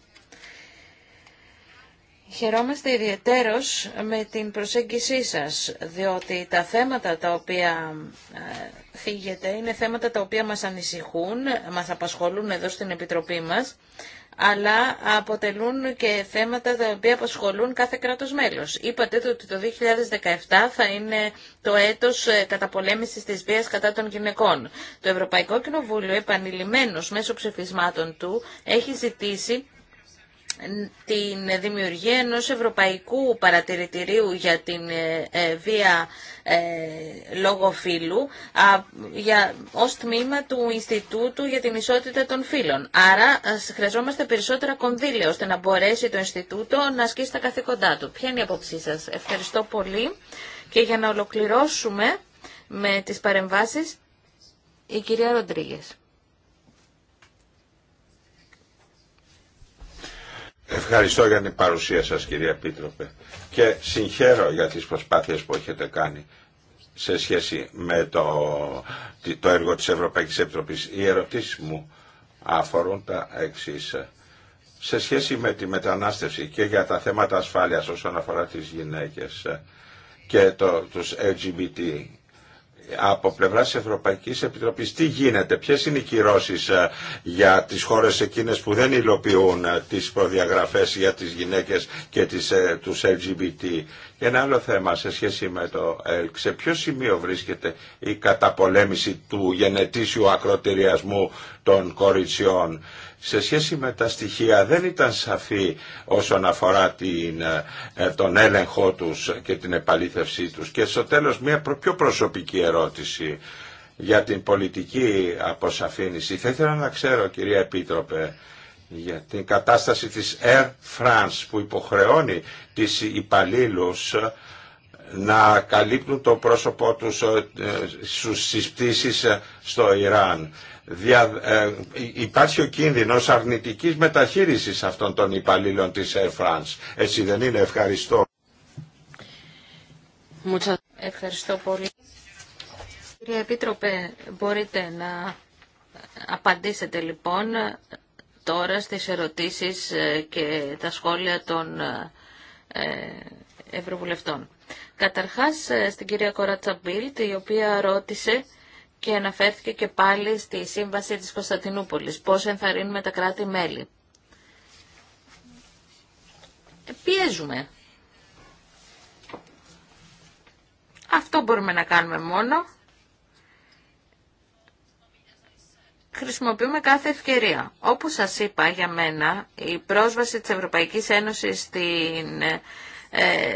Χαιρόμαστε ιδιαιτέρως με την προσέγγισή σας, διότι τα θέματα τα οποία φύγετε ε, είναι θέματα τα οποία μας ανησυχούν, μας απασχολούν εδώ στην Επιτροπή μας αλλά αποτελούν και θέματα τα οποία απασχολούν κάθε κράτος μέλος. Είπατε ότι το 2017 θα είναι το έτος ε, καταπολέμησης της βίας κατά των γυναικών. Το Ευρωπαϊκό Κοινοβούλιο επανειλημμένος μέσω ψηφισμάτων του έχει ζητήσει την δημιουργία ενός ευρωπαϊκού παρατηρητηρίου για την ε, ε, βία ε, λόγω φύλου για, ως τμήμα του Ινστιτούτου για την Ισότητα των Φύλων. Άρα χρειαζόμαστε περισσότερα κονδύλια ώστε να μπορέσει το Ινστιτούτο να ασκήσει τα καθήκοντά του. Ποια είναι η απόψή σας. Ευχαριστώ πολύ. Και για να ολοκληρώσουμε με τις παρεμβάσεις, η κυρία Ροντρίγες. Ευχαριστώ για την παρουσία σας κυρία Πίτροπε και συγχαίρω για τις προσπάθειες που έχετε κάνει σε σχέση με το, το έργο της Ευρωπαϊκής Επιτροπής. Οι ερωτήσεις μου αφορούν τα εξή Σε σχέση με τη μετανάστευση και για τα θέματα ασφάλειας όσον αφορά τις γυναίκες και το, τους LGBT από πλευρά Ευρωπαϊκή Επιτροπή τι γίνεται, ποιε είναι οι κυρώσει ε, για τι χώρε εκείνε που δεν υλοποιούν ε, τι προδιαγραφέ για τι γυναίκε και ε, του LGBT. Και ένα άλλο θέμα σε σχέση με το ΕΛΚ. Σε ποιο σημείο βρίσκεται η καταπολέμηση του γενετήσιου ακροτηριασμού των κοριτσιών σε σχέση με τα στοιχεία δεν ήταν σαφή όσον αφορά την, ε, ε, τον έλεγχό τους και την επαλήθευσή τους. Και στο τέλος μια πιο προσωπική ερώτηση για την πολιτική αποσαφήνιση. Θα ήθελα να ξέρω κυρία Επίτροπε για την κατάσταση της Air France που υποχρεώνει τις υπαλλήλους ε, να καλύπτουν το πρόσωπό τους στις πτήσεις στο Ιράν. Ε, υπάρχει ο κίνδυνος αρνητικής μεταχείρισης αυτών των υπαλλήλων της Air France. Έτσι δεν είναι. Ευχαριστώ. Ευχαριστώ πολύ. Κύριε Επίτροπε, μπορείτε να απαντήσετε λοιπόν τώρα στις ερωτήσεις ε, και τα σχόλια των ε, Ευρωβουλευτών. Καταρχάς, στην κυρία Κοράτσα η οποία ρώτησε και αναφέρθηκε και πάλι στη σύμβαση της Κωνσταντινούπολης, πώς ενθαρρύνουμε τα κράτη-μέλη. Ε, πιέζουμε. Αυτό μπορούμε να κάνουμε μόνο. Χρησιμοποιούμε κάθε ευκαιρία. Όπως σας είπα για μένα, η πρόσβαση της Ευρωπαϊκής Ένωσης στην ε, ε,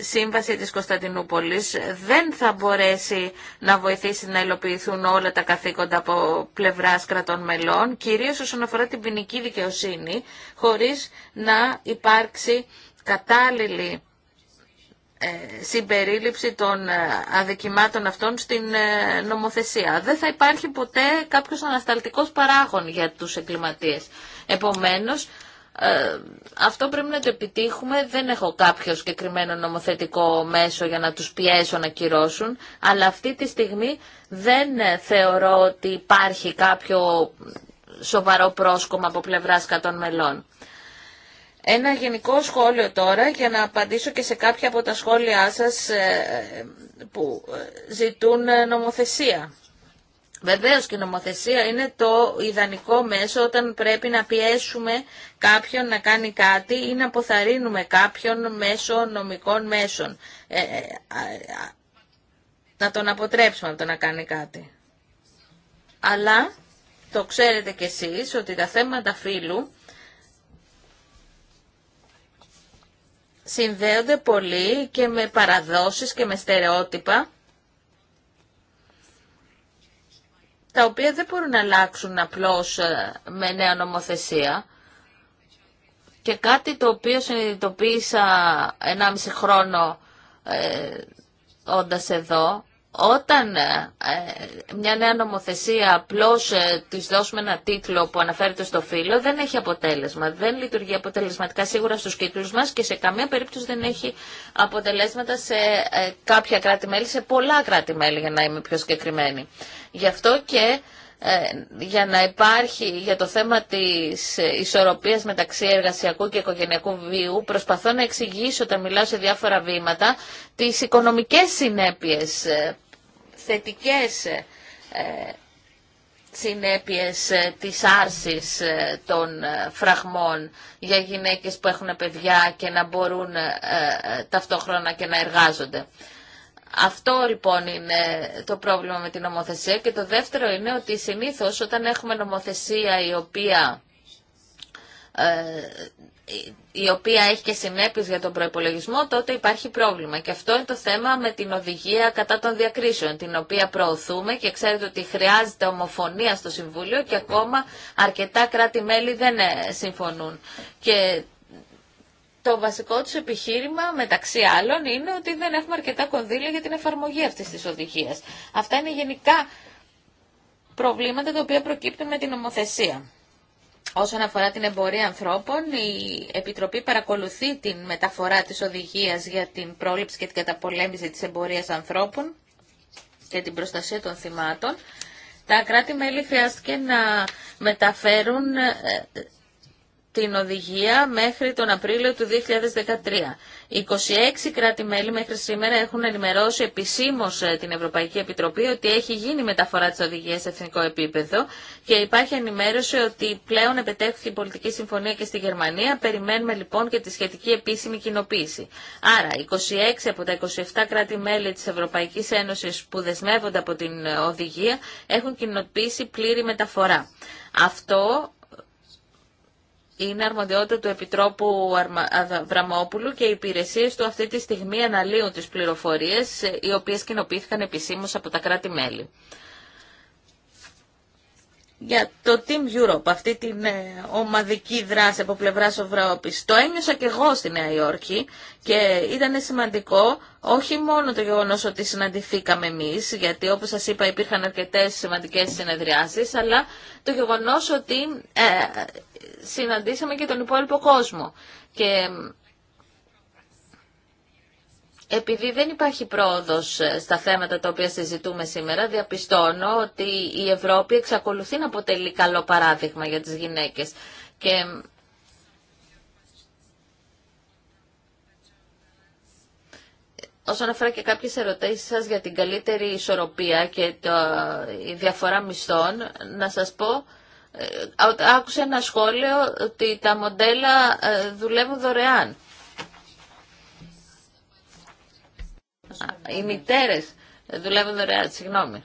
σύμβαση της Κωνσταντινούπολης δεν θα μπορέσει να βοηθήσει να υλοποιηθούν όλα τα καθήκοντα από πλευράς κρατών μελών, κυρίως όσον αφορά την ποινική δικαιοσύνη, χωρίς να υπάρξει κατάλληλη ε, συμπερίληψη των ε, αδικημάτων αυτών στην νομοθεσία. Δεν θα υπάρχει ποτέ κάποιος ανασταλτικός παράγων για τους εγκληματίες. Επομένως, ε, αυτό πρέπει να το επιτύχουμε. Δεν έχω κάποιο συγκεκριμένο νομοθετικό μέσο για να τους πιέσω να κυρώσουν, αλλά αυτή τη στιγμή δεν θεωρώ ότι υπάρχει κάποιο σοβαρό πρόσκομα από πλευράς κατών μελών. Ένα γενικό σχόλιο τώρα για να απαντήσω και σε κάποια από τα σχόλιά σας ε, που ε, ζητούν νομοθεσία. Βεβαίω και η νομοθεσία είναι το ιδανικό μέσο όταν πρέπει να πιέσουμε κάποιον να κάνει κάτι ή να αποθαρρύνουμε κάποιον μέσω νομικών μέσων. Ε, ε, να τον αποτρέψουμε από το να κάνει κάτι. Αλλά το ξέρετε κι εσείς ότι τα θέματα φύλου συνδέονται πολύ και με παραδόσεις και με στερεότυπα τα οποία δεν μπορούν να αλλάξουν απλώς ε, με νέα νομοθεσία. Και κάτι το οποίο συνειδητοποίησα 1,5 χρόνο ε, όντας εδώ, όταν ε, ε, μια νέα νομοθεσία απλώς ε, της δώσουμε ένα τίτλο που αναφέρεται στο φύλλο δεν έχει αποτέλεσμα. Δεν λειτουργεί αποτελεσματικά σίγουρα στους κύκλους μας και σε καμία περίπτωση δεν έχει αποτελέσματα σε κάποια κράτη-μέλη, σε πολλά κράτη-μέλη για να είμαι πιο συγκεκριμένη. Γι' αυτό και για να υπάρχει για το θέμα της ισορροπίας μεταξύ εργασιακού και οικογενειακού βίου προσπαθώ να εξηγήσω όταν μιλάω σε διάφορα βήματα τις οικονομικές συνέπειες θετικές ε, συνέπειες ε, της άρσης ε, των φραγμών για γυναίκες που έχουν παιδιά και να μπορούν ταυτόχρονα και να εργάζονται. Αυτό λοιπόν είναι το πρόβλημα με την νομοθεσία και το δεύτερο είναι ότι συνήθως όταν έχουμε νομοθεσία η οποία η οποία έχει και συνέπειες για τον προϋπολογισμό, τότε υπάρχει πρόβλημα. Και αυτό είναι το θέμα με την οδηγία κατά των διακρίσεων, την οποία προωθούμε και ξέρετε ότι χρειάζεται ομοφωνία στο Συμβούλιο και ακόμα αρκετά κράτη-μέλη δεν ε, συμφωνούν. Και το βασικό του επιχείρημα μεταξύ άλλων είναι ότι δεν έχουμε αρκετά κονδύλια για την εφαρμογή αυτής της οδηγίας. Αυτά είναι γενικά προβλήματα τα οποία προκύπτουν με την ομοθεσία. Όσον αφορά την εμπορία ανθρώπων, η Επιτροπή παρακολουθεί την μεταφορά της οδηγίας για την πρόληψη και την καταπολέμηση της εμπορίας ανθρώπων και την προστασία των θυμάτων. Τα κράτη-μέλη χρειάστηκε να μεταφέρουν ε, την οδηγία μέχρι τον Απρίλιο του 2013. 26 κράτη-μέλη μέχρι σήμερα έχουν ενημερώσει επισήμω ε, την Ευρωπαϊκή Επιτροπή ότι έχει γίνει μεταφορά τη οδηγία σε εθνικό επίπεδο και υπάρχει ενημέρωση ότι πλέον επετέχθηκε η πολιτική συμφωνία και στη Γερμανία. Περιμένουμε λοιπόν και τη σχετική επίσημη κοινοποίηση. Άρα, 26 από τα 27 κράτη-μέλη της Ευρωπαϊκής Ένωσης που δεσμεύονται από την ε, οδηγία έχουν κοινοποίησει πλήρη μεταφορά. Αυτό είναι αρμοδιότητα του Επιτρόπου Βραμόπουλου και οι υπηρεσίες του αυτή τη στιγμή αναλύουν τις πληροφορίες ε, οι οποίες κοινοποιήθηκαν επισήμως από τα κράτη-μέλη. Για το Team Europe, αυτή την ε, ομαδική δράση από πλευρά Ευρώπη, το ένιωσα και εγώ στη Νέα Υόρκη και ήταν σημαντικό όχι μόνο το γεγονό ότι συναντηθήκαμε εμεί, γιατί όπω σα είπα υπήρχαν αρκετέ σημαντικέ συνεδριάσει, αλλά το γεγονό ότι ε, συναντήσαμε και τον υπόλοιπο κόσμο. Και επειδή δεν υπάρχει πρόοδος ε, στα θέματα τα οποία συζητούμε σήμερα, διαπιστώνω ότι η Ευρώπη εξακολουθεί να αποτελεί καλό παράδειγμα για τις γυναίκες. Και όσον αφορά και κάποιες ερωτήσεις σας για την καλύτερη ισορροπία και το, διαφορά μισθών, να σας πω ε, άκουσα ένα σχόλιο ότι τα μοντέλα ε, δουλεύουν δωρεάν. Οι μητέρε, δουλεύουν δωρεάν, συγγνώμη.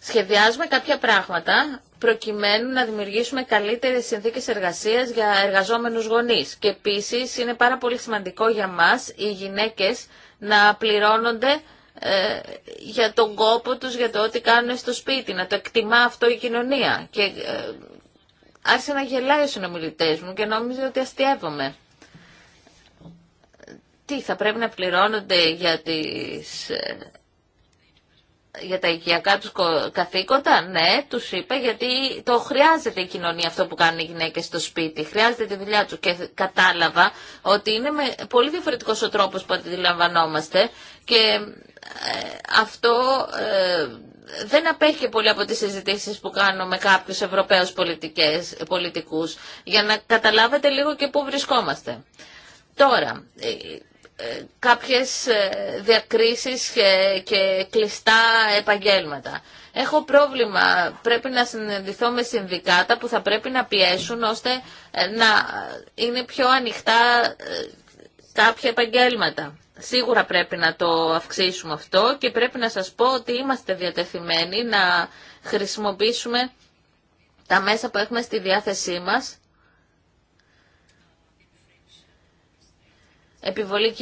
Σχεδιάζουμε κάποια πράγματα προκειμένου να δημιουργήσουμε καλύτερε συνθήκε εργασία για εργαζόμενους γονείς. Και επίση είναι πάρα πολύ σημαντικό για μα, οι γυναίκε να πληρώνονται ε, για τον κόπο τους, για το ό,τι κάνουν στο σπίτι, να το εκτιμά αυτό η κοινωνία. Και ε, άρχισε να γελάει ο συνομιλητέ μου και νόμιζε ότι αστείευομαι. Τι, θα πρέπει να πληρώνονται για τις ε, για τα οικιακά τους καθήκοντα, ναι, τους είπα, γιατί το χρειάζεται η κοινωνία αυτό που κάνουν οι γυναίκες στο σπίτι, χρειάζεται τη δουλειά τους και κατάλαβα ότι είναι με πολύ διαφορετικός ο τρόπος που αντιλαμβανόμαστε και ε, αυτό ε, δεν απέχει πολύ από τις συζητήσεις που κάνω με κάποιους Ευρωπαίους πολιτικές, πολιτικούς για να καταλάβετε λίγο και πού βρισκόμαστε. Τώρα, ε, ε, κάποιες ε, διακρίσεις και, κλειστά επαγγέλματα. Έχω πρόβλημα. Πρέπει να συναντηθώ με συνδικάτα που θα πρέπει να πιέσουν ώστε ε, να είναι πιο ανοιχτά κάποια επαγγέλματα. Σίγουρα πρέπει να το αυξήσουμε αυτό και πρέπει να σας πω ότι είμαστε διατεθειμένοι να χρησιμοποιήσουμε τα μέσα που έχουμε στη διάθεσή μας επιβολή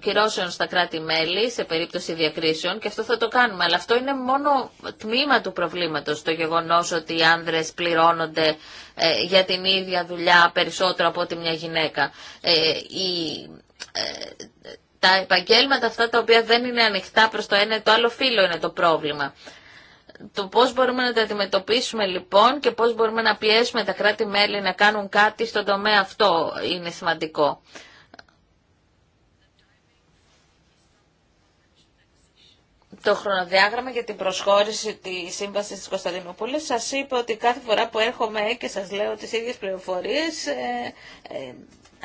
κυρώσεων στα κράτη-μέλη σε περίπτωση διακρίσεων και αυτό θα το κάνουμε. Αλλά αυτό είναι μόνο τμήμα του προβλήματος, το γεγονός ότι οι άνδρες πληρώνονται ε, για την ίδια δουλειά περισσότερο από ότι μια γυναίκα. Ε, η, ε, τα επαγγέλματα αυτά τα οποία δεν είναι ανοιχτά προς το ένα το άλλο φύλλο είναι το πρόβλημα. Το πώς μπορούμε να τα αντιμετωπίσουμε λοιπόν και πώς μπορούμε να πιέσουμε τα κράτη-μέλη να κάνουν κάτι στον τομέα αυτό είναι σημαντικό. το χρονοδιάγραμμα για την προσχώρηση τη σύμβαση τη Κωνσταντινούπολη. Σα είπα ότι κάθε φορά που έρχομαι και σα λέω τι ίδιε πληροφορίε, ε, ε,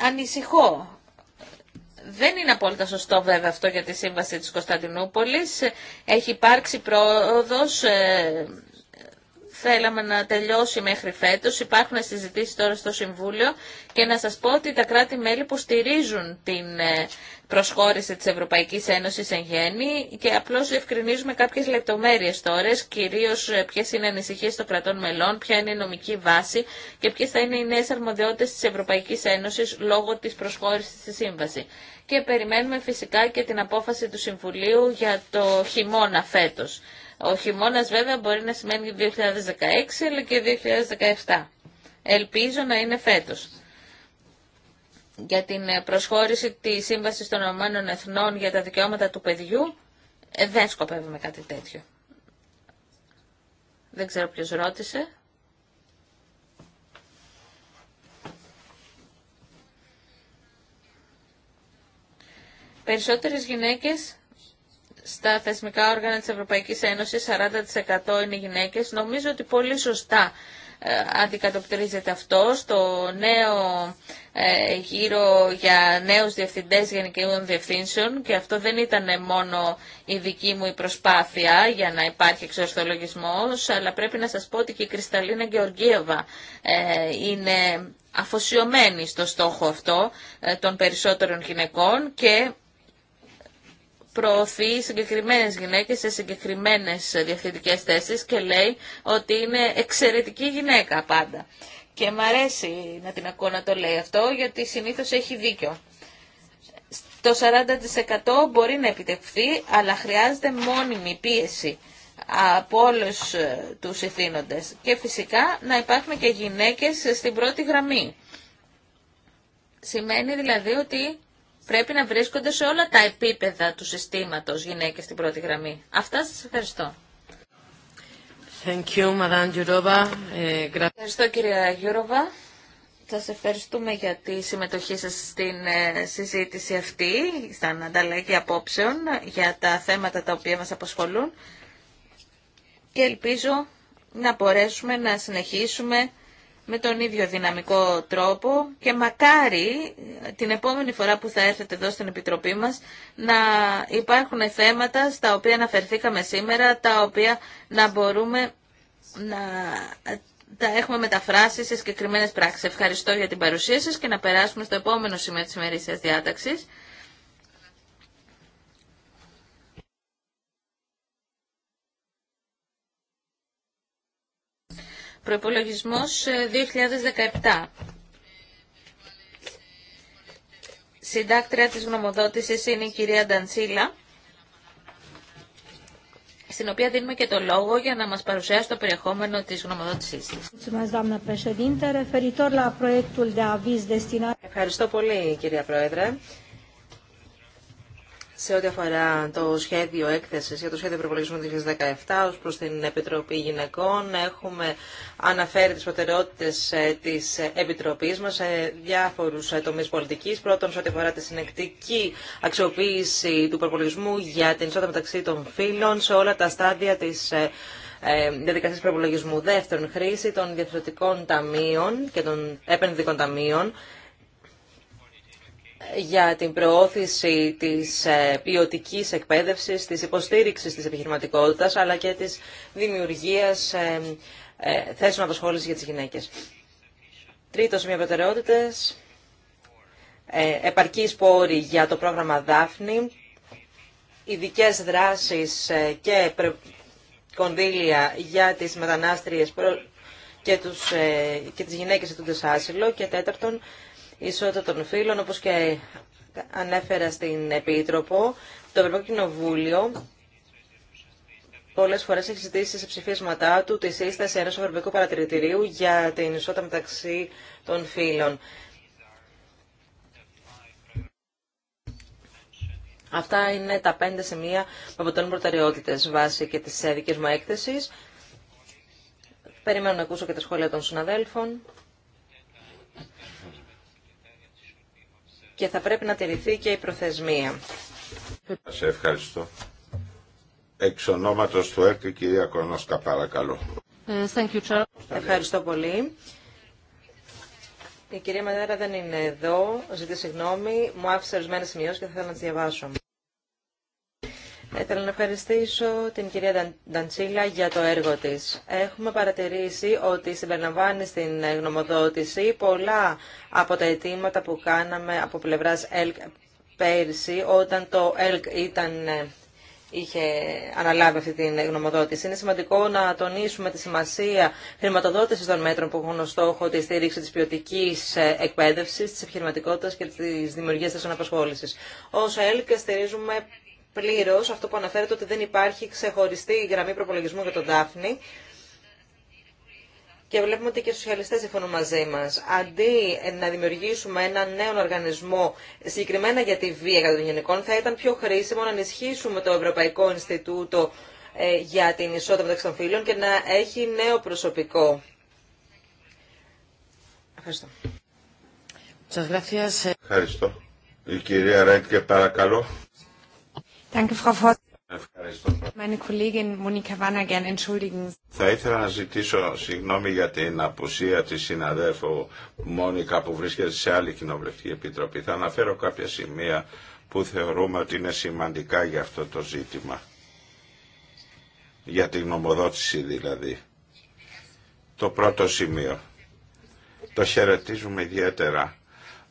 ανησυχώ. Δεν είναι απόλυτα σωστό βέβαια αυτό για τη σύμβαση της Κωνσταντινούπολης. Έχει υπάρξει πρόοδος, ε, θέλαμε να τελειώσει μέχρι φέτος. Υπάρχουν συζητήσεις τώρα στο Συμβούλιο και να σας πω ότι τα κράτη-μέλη που στηρίζουν την προσχώρηση της Ευρωπαϊκής Ένωσης εν γέννη και απλώς ευκρινίζουμε κάποιες λεπτομέρειες τώρα, κυρίως ε, ποιες είναι οι ανησυχίες των κρατών μελών, ποια είναι η νομική βάση και ποιες θα είναι οι νέες αρμοδιότητες της Ευρωπαϊκής Ένωσης λόγω της προσχώρησης στη Σύμβαση. Και περιμένουμε φυσικά και την απόφαση του Συμβουλίου για το χειμώνα φέτος. Ο χειμώνα βέβαια μπορεί να σημαίνει 2016 αλλά και 2017. Ελπίζω να είναι φέτος για την ε, προσχώρηση της σύμβαση των Ηνωμένων Εθνών για τα δικαιώματα του παιδιού, ε, δεν σκοπεύουμε κάτι τέτοιο. Δεν ξέρω ποιος ρώτησε. Περισσότερες γυναίκες στα θεσμικά όργανα της Ευρωπαϊκής Ένωσης, 40% είναι γυναίκες. Νομίζω ότι πολύ σωστά ε, αντικατοπτρίζεται αυτό στο νέο ε, γύρο για νέους διευθυντές γενικών διευθύνσεων και αυτό δεν ήταν μόνο η δική μου η προσπάθεια για να υπάρχει εξορθολογισμός, αλλά πρέπει να σας πω ότι και η Κρυσταλίνα Γεωργίευα ε, είναι αφοσιωμένη στο στόχο αυτό των περισσότερων γυναικών και προωθεί συγκεκριμένες γυναίκες σε συγκεκριμένες διευθυντικές θέσεις και λέει ότι είναι εξαιρετική γυναίκα πάντα. Και μ' αρέσει να την ακούω να το λέει αυτό γιατί συνήθως έχει δίκιο. Το 40% μπορεί να επιτευχθεί αλλά χρειάζεται μόνιμη πίεση από όλου ε, τους ευθύνοντες και φυσικά να υπάρχουν και γυναίκες στην πρώτη γραμμή. Σημαίνει δηλαδή ότι πρέπει να βρίσκονται σε όλα τα επίπεδα του συστήματος γυναίκες στην πρώτη γραμμή. Αυτά σας ευχαριστώ. Thank you, ε, ευχαριστώ κυρία Γιούροβα. Σας ευχαριστούμε για τη συμμετοχή σας στην ε, συζήτηση αυτή, στην ανταλλαγή απόψεων για τα θέματα τα οποία μας απασχολούν και ελπίζω να μπορέσουμε να συνεχίσουμε με τον ίδιο δυναμικό τρόπο και μακάρι την επόμενη φορά που θα έρθετε εδώ στην Επιτροπή μας να υπάρχουν θέματα στα οποία αναφερθήκαμε σήμερα, τα οποία να μπορούμε να τα έχουμε μεταφράσει σε συγκεκριμένες πράξεις. Ευχαριστώ για την παρουσία σας και να περάσουμε στο επόμενο σημείο της ημερήσιας διάταξης Προϋπολογισμός 2017. Ε, Συντάκτρια της γνωμοδότησης είναι η κυρία Ντανσίλα, στην οποία δίνουμε και το λόγο για να μας παρουσιάσει το περιεχόμενο της γνωμοδότησής της. Ευχαριστώ πολύ κυρία Πρόεδρε σε ό,τι αφορά το σχέδιο έκθεσης για το σχέδιο προπολογισμού 2017 ω προς την Επιτροπή Γυναικών έχουμε αναφέρει τι προτεραιότητε ε, της Επιτροπής μας σε διάφορους ε, τομεί πολιτική, Πρώτον, σε ό,τι αφορά τη συνεκτική αξιοποίηση του προπολογισμού για την ισότητα μεταξύ των φύλων σε όλα τα στάδια της ε, διαδικασία προπολογισμού. Δεύτερον, χρήση των διαφορετικών ταμείων και των επενδυτικών ταμείων για την προώθηση της ε, ποιοτική εκπαίδευσης, της υποστήριξης της επιχειρηματικότητας, αλλά και της δημιουργίας ε, ε, θέσεων απασχόλησης για τις γυναίκες. Τρίτο σημείο προτεραιότητες, επαρκή πόροι για το πρόγραμμα Δάφνη, ειδικέ δράσεις και κονδύλια για τις μετανάστριες και, τους, και τις γυναίκες του άσυλο και τέταρτον ισότητα των φύλων, όπως και ανέφερα στην Επίτροπο, το Ευρωπαϊκό Κοινοβούλιο πολλές φορές έχει ζητήσει σε ψηφίσματά του τη σύσταση ενός Ευρωπαϊκού Παρατηρητηρίου για την ισότητα μεταξύ των φίλων Αυτά είναι τα πέντε σημεία που αποτελούν προτεραιότητε βάσει και τη δική μου έκθεση. Περιμένω να ακούσω και τα σχόλια των συναδέλφων. και θα πρέπει να τηρηθεί και η προθεσμία. Σας ευχαριστώ. Εξ ονόματος του ΕΚ, κυρία Κονόσκα, παρακαλώ. Ε, ευχαριστώ πολύ. Η κυρία Μαδέρα δεν είναι εδώ. Ζητεί συγγνώμη. Μου άφησε ορισμένες σημειώσεις και θα θέλω να τις διαβάσω. Θέλω να ευχαριστήσω την κυρία Νταντσίλα για το έργο της. Έχουμε παρατηρήσει ότι συμπεριλαμβάνει στην γνωμοδότηση πολλά από τα αιτήματα που κάναμε από πλευράς ΕΛΚ πέρσι, όταν το ΕΛΚ ήταν, ε, είχε αναλάβει αυτή την γνωμοδότηση. Είναι σημαντικό να τονίσουμε τη σημασία χρηματοδότηση των μέτρων που έχουν ως στόχο τη στήριξη τη ποιοτική ε, εκπαίδευση, τη επιχειρηματικότητα και τη δημιουργία θέσεων απασχόληση. Ως ΕΛΚ στηρίζουμε πλήρως αυτό που αναφέρεται ότι δεν υπάρχει ξεχωριστή γραμμή προπολογισμού για τον Δάφνη. Και βλέπουμε ότι και οι σοσιαλιστές συμφωνούν μαζί μας. Αντί να δημιουργήσουμε ένα νέο οργανισμό συγκεκριμένα για τη βία κατά των γενικών, θα ήταν πιο χρήσιμο να ενισχύσουμε το Ευρωπαϊκό Ινστιτούτο ε, για την ισότητα μεταξύ των φίλων και να έχει νέο προσωπικό. Ευχαριστώ. Ευχαριστώ. Η κυρία Ρέντκε παρακαλώ. Θα ήθελα να ζητήσω συγγνώμη για την απουσία της συναδέφου Μόνικα που βρίσκεται σε άλλη κοινοβουλευτική επιτροπή. Θα αναφέρω κάποια σημεία που θεωρούμε ότι είναι σημαντικά για αυτό το ζήτημα. Για την νομοδότηση δηλαδή. Το πρώτο σημείο. Το χαιρετίζουμε ιδιαίτερα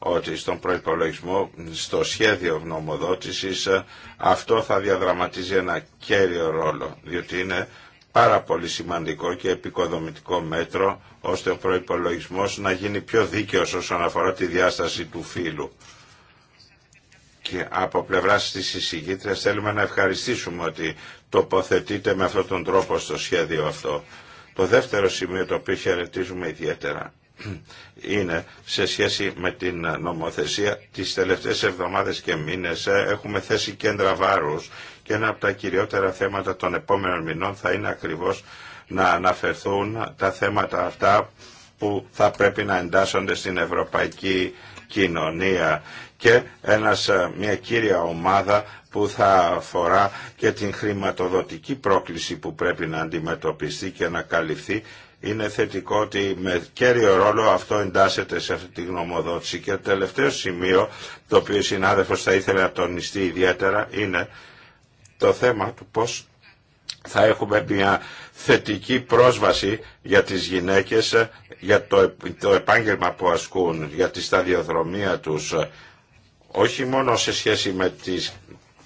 ότι στον προϋπολογισμό, στο σχέδιο γνωμοδότησης ε, αυτό θα διαδραματίζει ένα κέριο ρόλο, διότι είναι πάρα πολύ σημαντικό και επικοδομητικό μέτρο ώστε ο προϋπολογισμός να γίνει πιο δίκαιος όσον αφορά τη διάσταση του φύλου. Και από πλευράς της εισηγήτριας θέλουμε να ευχαριστήσουμε ότι τοποθετείται με αυτόν τον τρόπο στο σχέδιο αυτό. Το δεύτερο σημείο το οποίο χαιρετίζουμε ιδιαίτερα είναι σε σχέση με την νομοθεσία τις τελευταίες εβδομάδες και μήνες ε, έχουμε θέσει κέντρα βάρους και ένα από τα κυριότερα θέματα των επόμενων μηνών θα είναι ακριβώς να αναφερθούν τα θέματα αυτά που θα πρέπει να εντάσσονται στην ευρωπαϊκή κοινωνία και ένας, ε, μια κύρια ομάδα που θα αφορά και την χρηματοδοτική πρόκληση που πρέπει να αντιμετωπιστεί και να καλυφθεί είναι θετικό ότι με κέριο ρόλο αυτό εντάσσεται σε αυτή τη γνωμοδότηση. Και το τελευταίο σημείο, το οποίο η συνάδελφος θα ήθελε να τονιστεί ιδιαίτερα, είναι το θέμα του πώς θα έχουμε μια θετική πρόσβαση για τις γυναίκες, για το, το επάγγελμα που ασκούν, για τη σταδιοδρομία τους, όχι μόνο σε σχέση με τις,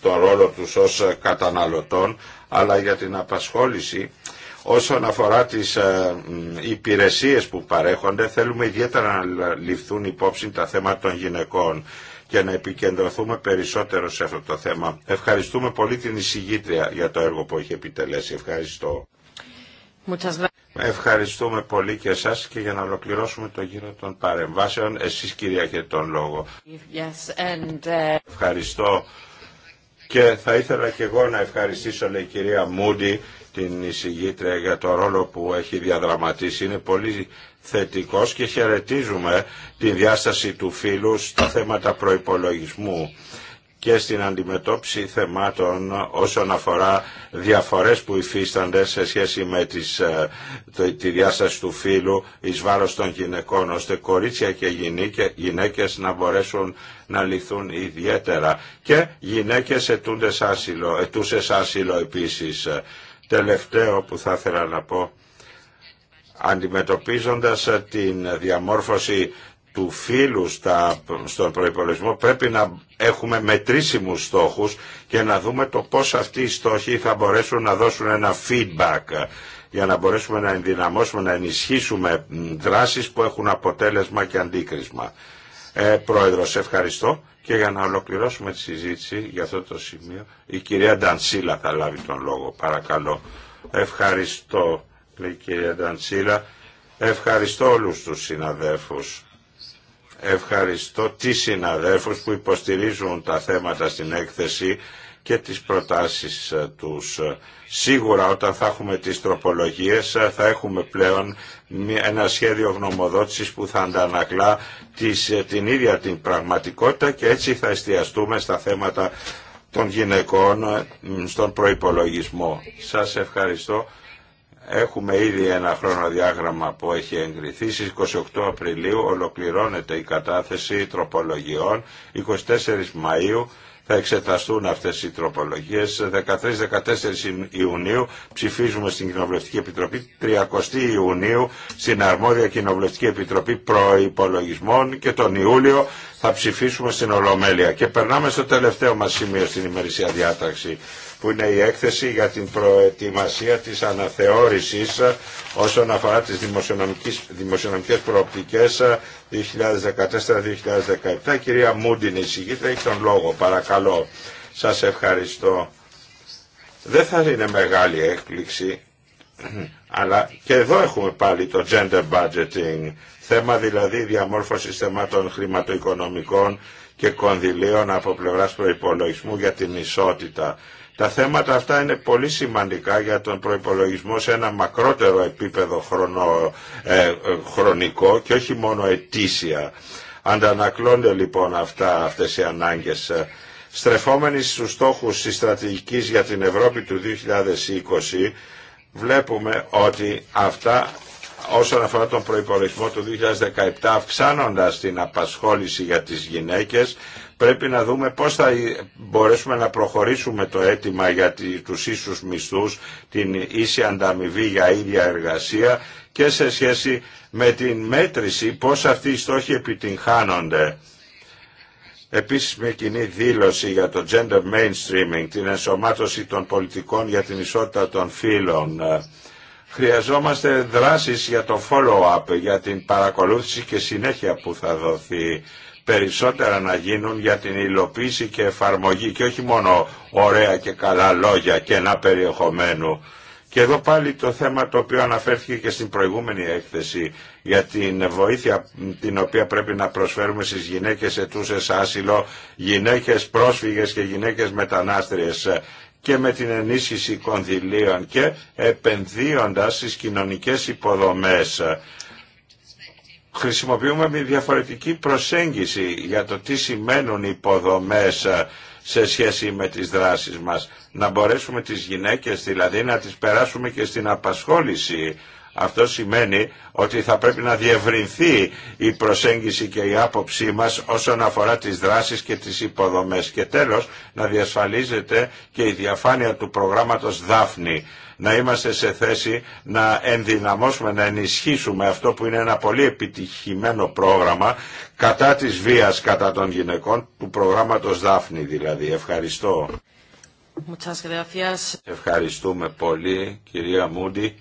το ρόλο τους ως καταναλωτών, αλλά για την απασχόληση Όσον αφορά τις ε, υπηρεσίες που παρέχονται, θέλουμε ιδιαίτερα να ληφθούν υπόψη τα θέματα των γυναικών και να επικεντρωθούμε περισσότερο σε αυτό το θέμα. Ευχαριστούμε πολύ την εισηγήτρια για το έργο που έχει επιτελέσει. Ευχαριστώ. Ευχαριστούμε πολύ και εσάς και για να ολοκληρώσουμε το γύρο των παρεμβάσεων. Εσείς κυρία έχετε τον λόγο. Yes, and, ε, Ευχαριστώ. Και θα ήθελα και εγώ να ευχαριστήσω λέει η κυρία Μούντι την εισηγήτρια για το ρόλο που έχει διαδραματίσει. Είναι πολύ θετικός και χαιρετίζουμε την διάσταση του φίλου στα θέματα προϋπολογισμού και στην αντιμετώπιση θεμάτων όσον αφορά διαφορές που υφίστανται σε σχέση με τις, ε, το, τη διάσταση του φύλου εις βάρος των γυναικών, ώστε κορίτσια και γυναίκες να μπορέσουν να λυθούν ιδιαίτερα και γυναίκες ετούντες άσυλο, ετούσες άσυλο επίσης τελευταίο που θα ήθελα να πω, αντιμετωπίζοντας ε, την διαμόρφωση του φύλου στα, στον προϋπολογισμό πρέπει να έχουμε μετρήσιμους στόχους και να δούμε το πώς αυτοί οι στόχοι θα μπορέσουν να δώσουν ένα feedback ε, για να μπορέσουμε να ενδυναμώσουμε, να ενισχύσουμε δράσεις που έχουν αποτέλεσμα και αντίκρισμα. Ε, Πρόεδρος, ευχαριστώ. Και για να ολοκληρώσουμε τη συζήτηση για αυτό το σημείο, η κυρία Ντανσίλα θα λάβει τον λόγο. Παρακαλώ. Ευχαριστώ, η κυρία Ντανσίλα. Ευχαριστώ όλους τους συναδέλφους. Ευχαριστώ τις συναδέλφους που υποστηρίζουν τα θέματα στην έκθεση και τις προτάσεις ε, τους. Σίγουρα όταν θα έχουμε τις τροπολογίες ε, θα έχουμε πλέον ένα σχέδιο γνωμοδότησης που θα αντανακλά ε, την ίδια την πραγματικότητα και έτσι θα εστιαστούμε στα θέματα των γυναικών στον προϋπολογισμό. Σας ευχαριστώ. Έχουμε ήδη ένα χρονοδιάγραμμα που έχει εγκριθεί. Στις 28 Απριλίου ολοκληρώνεται η κατάθεση τροπολογιών. 24 Μαΐου θα εξεταστούν αυτές οι τροπολογίες. 13-14 Ιουνίου ψηφίζουμε στην Κοινοβουλευτική Επιτροπή, 30 Ιουνίου στην Αρμόδια Κοινοβουλευτική Επιτροπή Προϋπολογισμών και τον Ιούλιο θα ψηφίσουμε στην Ολομέλεια. Και περνάμε στο τελευταίο μα σημείο στην ημερησία διάταξη που είναι η έκθεση για την προετοιμασία της αναθεώρησης όσον αφορά τις δημοσιονομικες δημοσιονομικές προοπτικές 2014-2017. Κυρία Μούντιν, θα έχει τον λόγο. Παρακαλώ. Σας ευχαριστώ. Δεν θα είναι μεγάλη έκπληξη, αλλά και εδώ έχουμε πάλι το gender budgeting, θέμα δηλαδή διαμόρφωσης θεμάτων χρηματοοικονομικών και κονδυλίων από πλευράς προϋπολογισμού για την ισότητα. Τα θέματα αυτά είναι πολύ σημαντικά για τον προϋπολογισμό σε ένα μακρότερο επίπεδο χρονο, ε, ε, χρονικό και όχι μόνο ετήσια. Αντανακλώνται λοιπόν αυτά, αυτές οι ανάγκες. Ε, στρεφόμενοι στους στόχους της στρατηγικής για την Ευρώπη του 2020, βλέπουμε ότι αυτά όσον αφορά τον προϋπολογισμό του 2017 αυξάνοντας την απασχόληση για τις γυναίκες πρέπει να δούμε πώς θα μπορέσουμε να προχωρήσουμε το αίτημα για τους ίσους μισθούς, την ίση ανταμοιβή για ίδια εργασία και σε σχέση με την μέτρηση πώς αυτοί οι στόχοι επιτυγχάνονται. Επίσης με κοινή δήλωση για το gender mainstreaming, την ενσωμάτωση των πολιτικών για την ισότητα των φύλων. Χρειαζόμαστε δράσεις για το follow-up, για την παρακολούθηση και συνέχεια που θα δοθεί περισσότερα να γίνουν για την υλοποίηση και εφαρμογή και όχι μόνο ωραία και καλά λόγια και ένα περιεχομένου. Και εδώ πάλι το θέμα το οποίο αναφέρθηκε και στην προηγούμενη έκθεση για την βοήθεια την οποία πρέπει να προσφέρουμε στις γυναίκες ετούσες άσυλο, γυναίκες πρόσφυγες και γυναίκες μετανάστριες και με την ενίσχυση κονδυλίων και επενδύοντας στις κοινωνικές υποδομές χρησιμοποιούμε μια διαφορετική προσέγγιση για το τι σημαίνουν οι υποδομές ε, σε σχέση με τις δράσεις μας. Να μπορέσουμε τις γυναίκες δηλαδή να τις περάσουμε και στην απασχόληση. Αυτό σημαίνει ότι θα πρέπει να διευρυνθεί η προσέγγιση και η άποψή μας όσον αφορά τις δράσεις και τις υποδομές. Και τέλος να διασφαλίζεται και η διαφάνεια του προγράμματος Δάφνη να είμαστε σε θέση να ενδυναμώσουμε, να ενισχύσουμε αυτό που είναι ένα πολύ επιτυχημένο πρόγραμμα κατά της βίας κατά των γυναικών, του προγράμματος Δάφνη δηλαδή. Ευχαριστώ. Ευχαριστούμε πολύ κυρία Μούντι.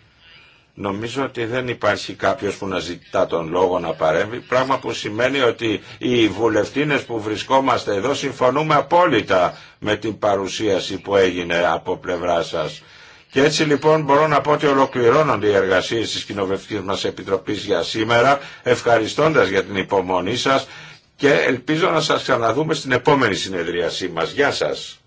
Νομίζω ότι δεν υπάρχει κάποιος που να ζητά τον λόγο να παρέμβει, πράγμα που σημαίνει ότι οι βουλευτίνες που βρισκόμαστε εδώ συμφωνούμε απόλυτα με την παρουσίαση που έγινε από πλευρά σας. Και έτσι λοιπόν μπορώ να πω ότι ολοκληρώνονται οι εργασίες της Κοινοβουλευτικής μας Επιτροπής για σήμερα, ευχαριστώντας για την υπομονή σας και ελπίζω να σας ξαναδούμε στην επόμενη συνεδρίασή μας. Γεια σας.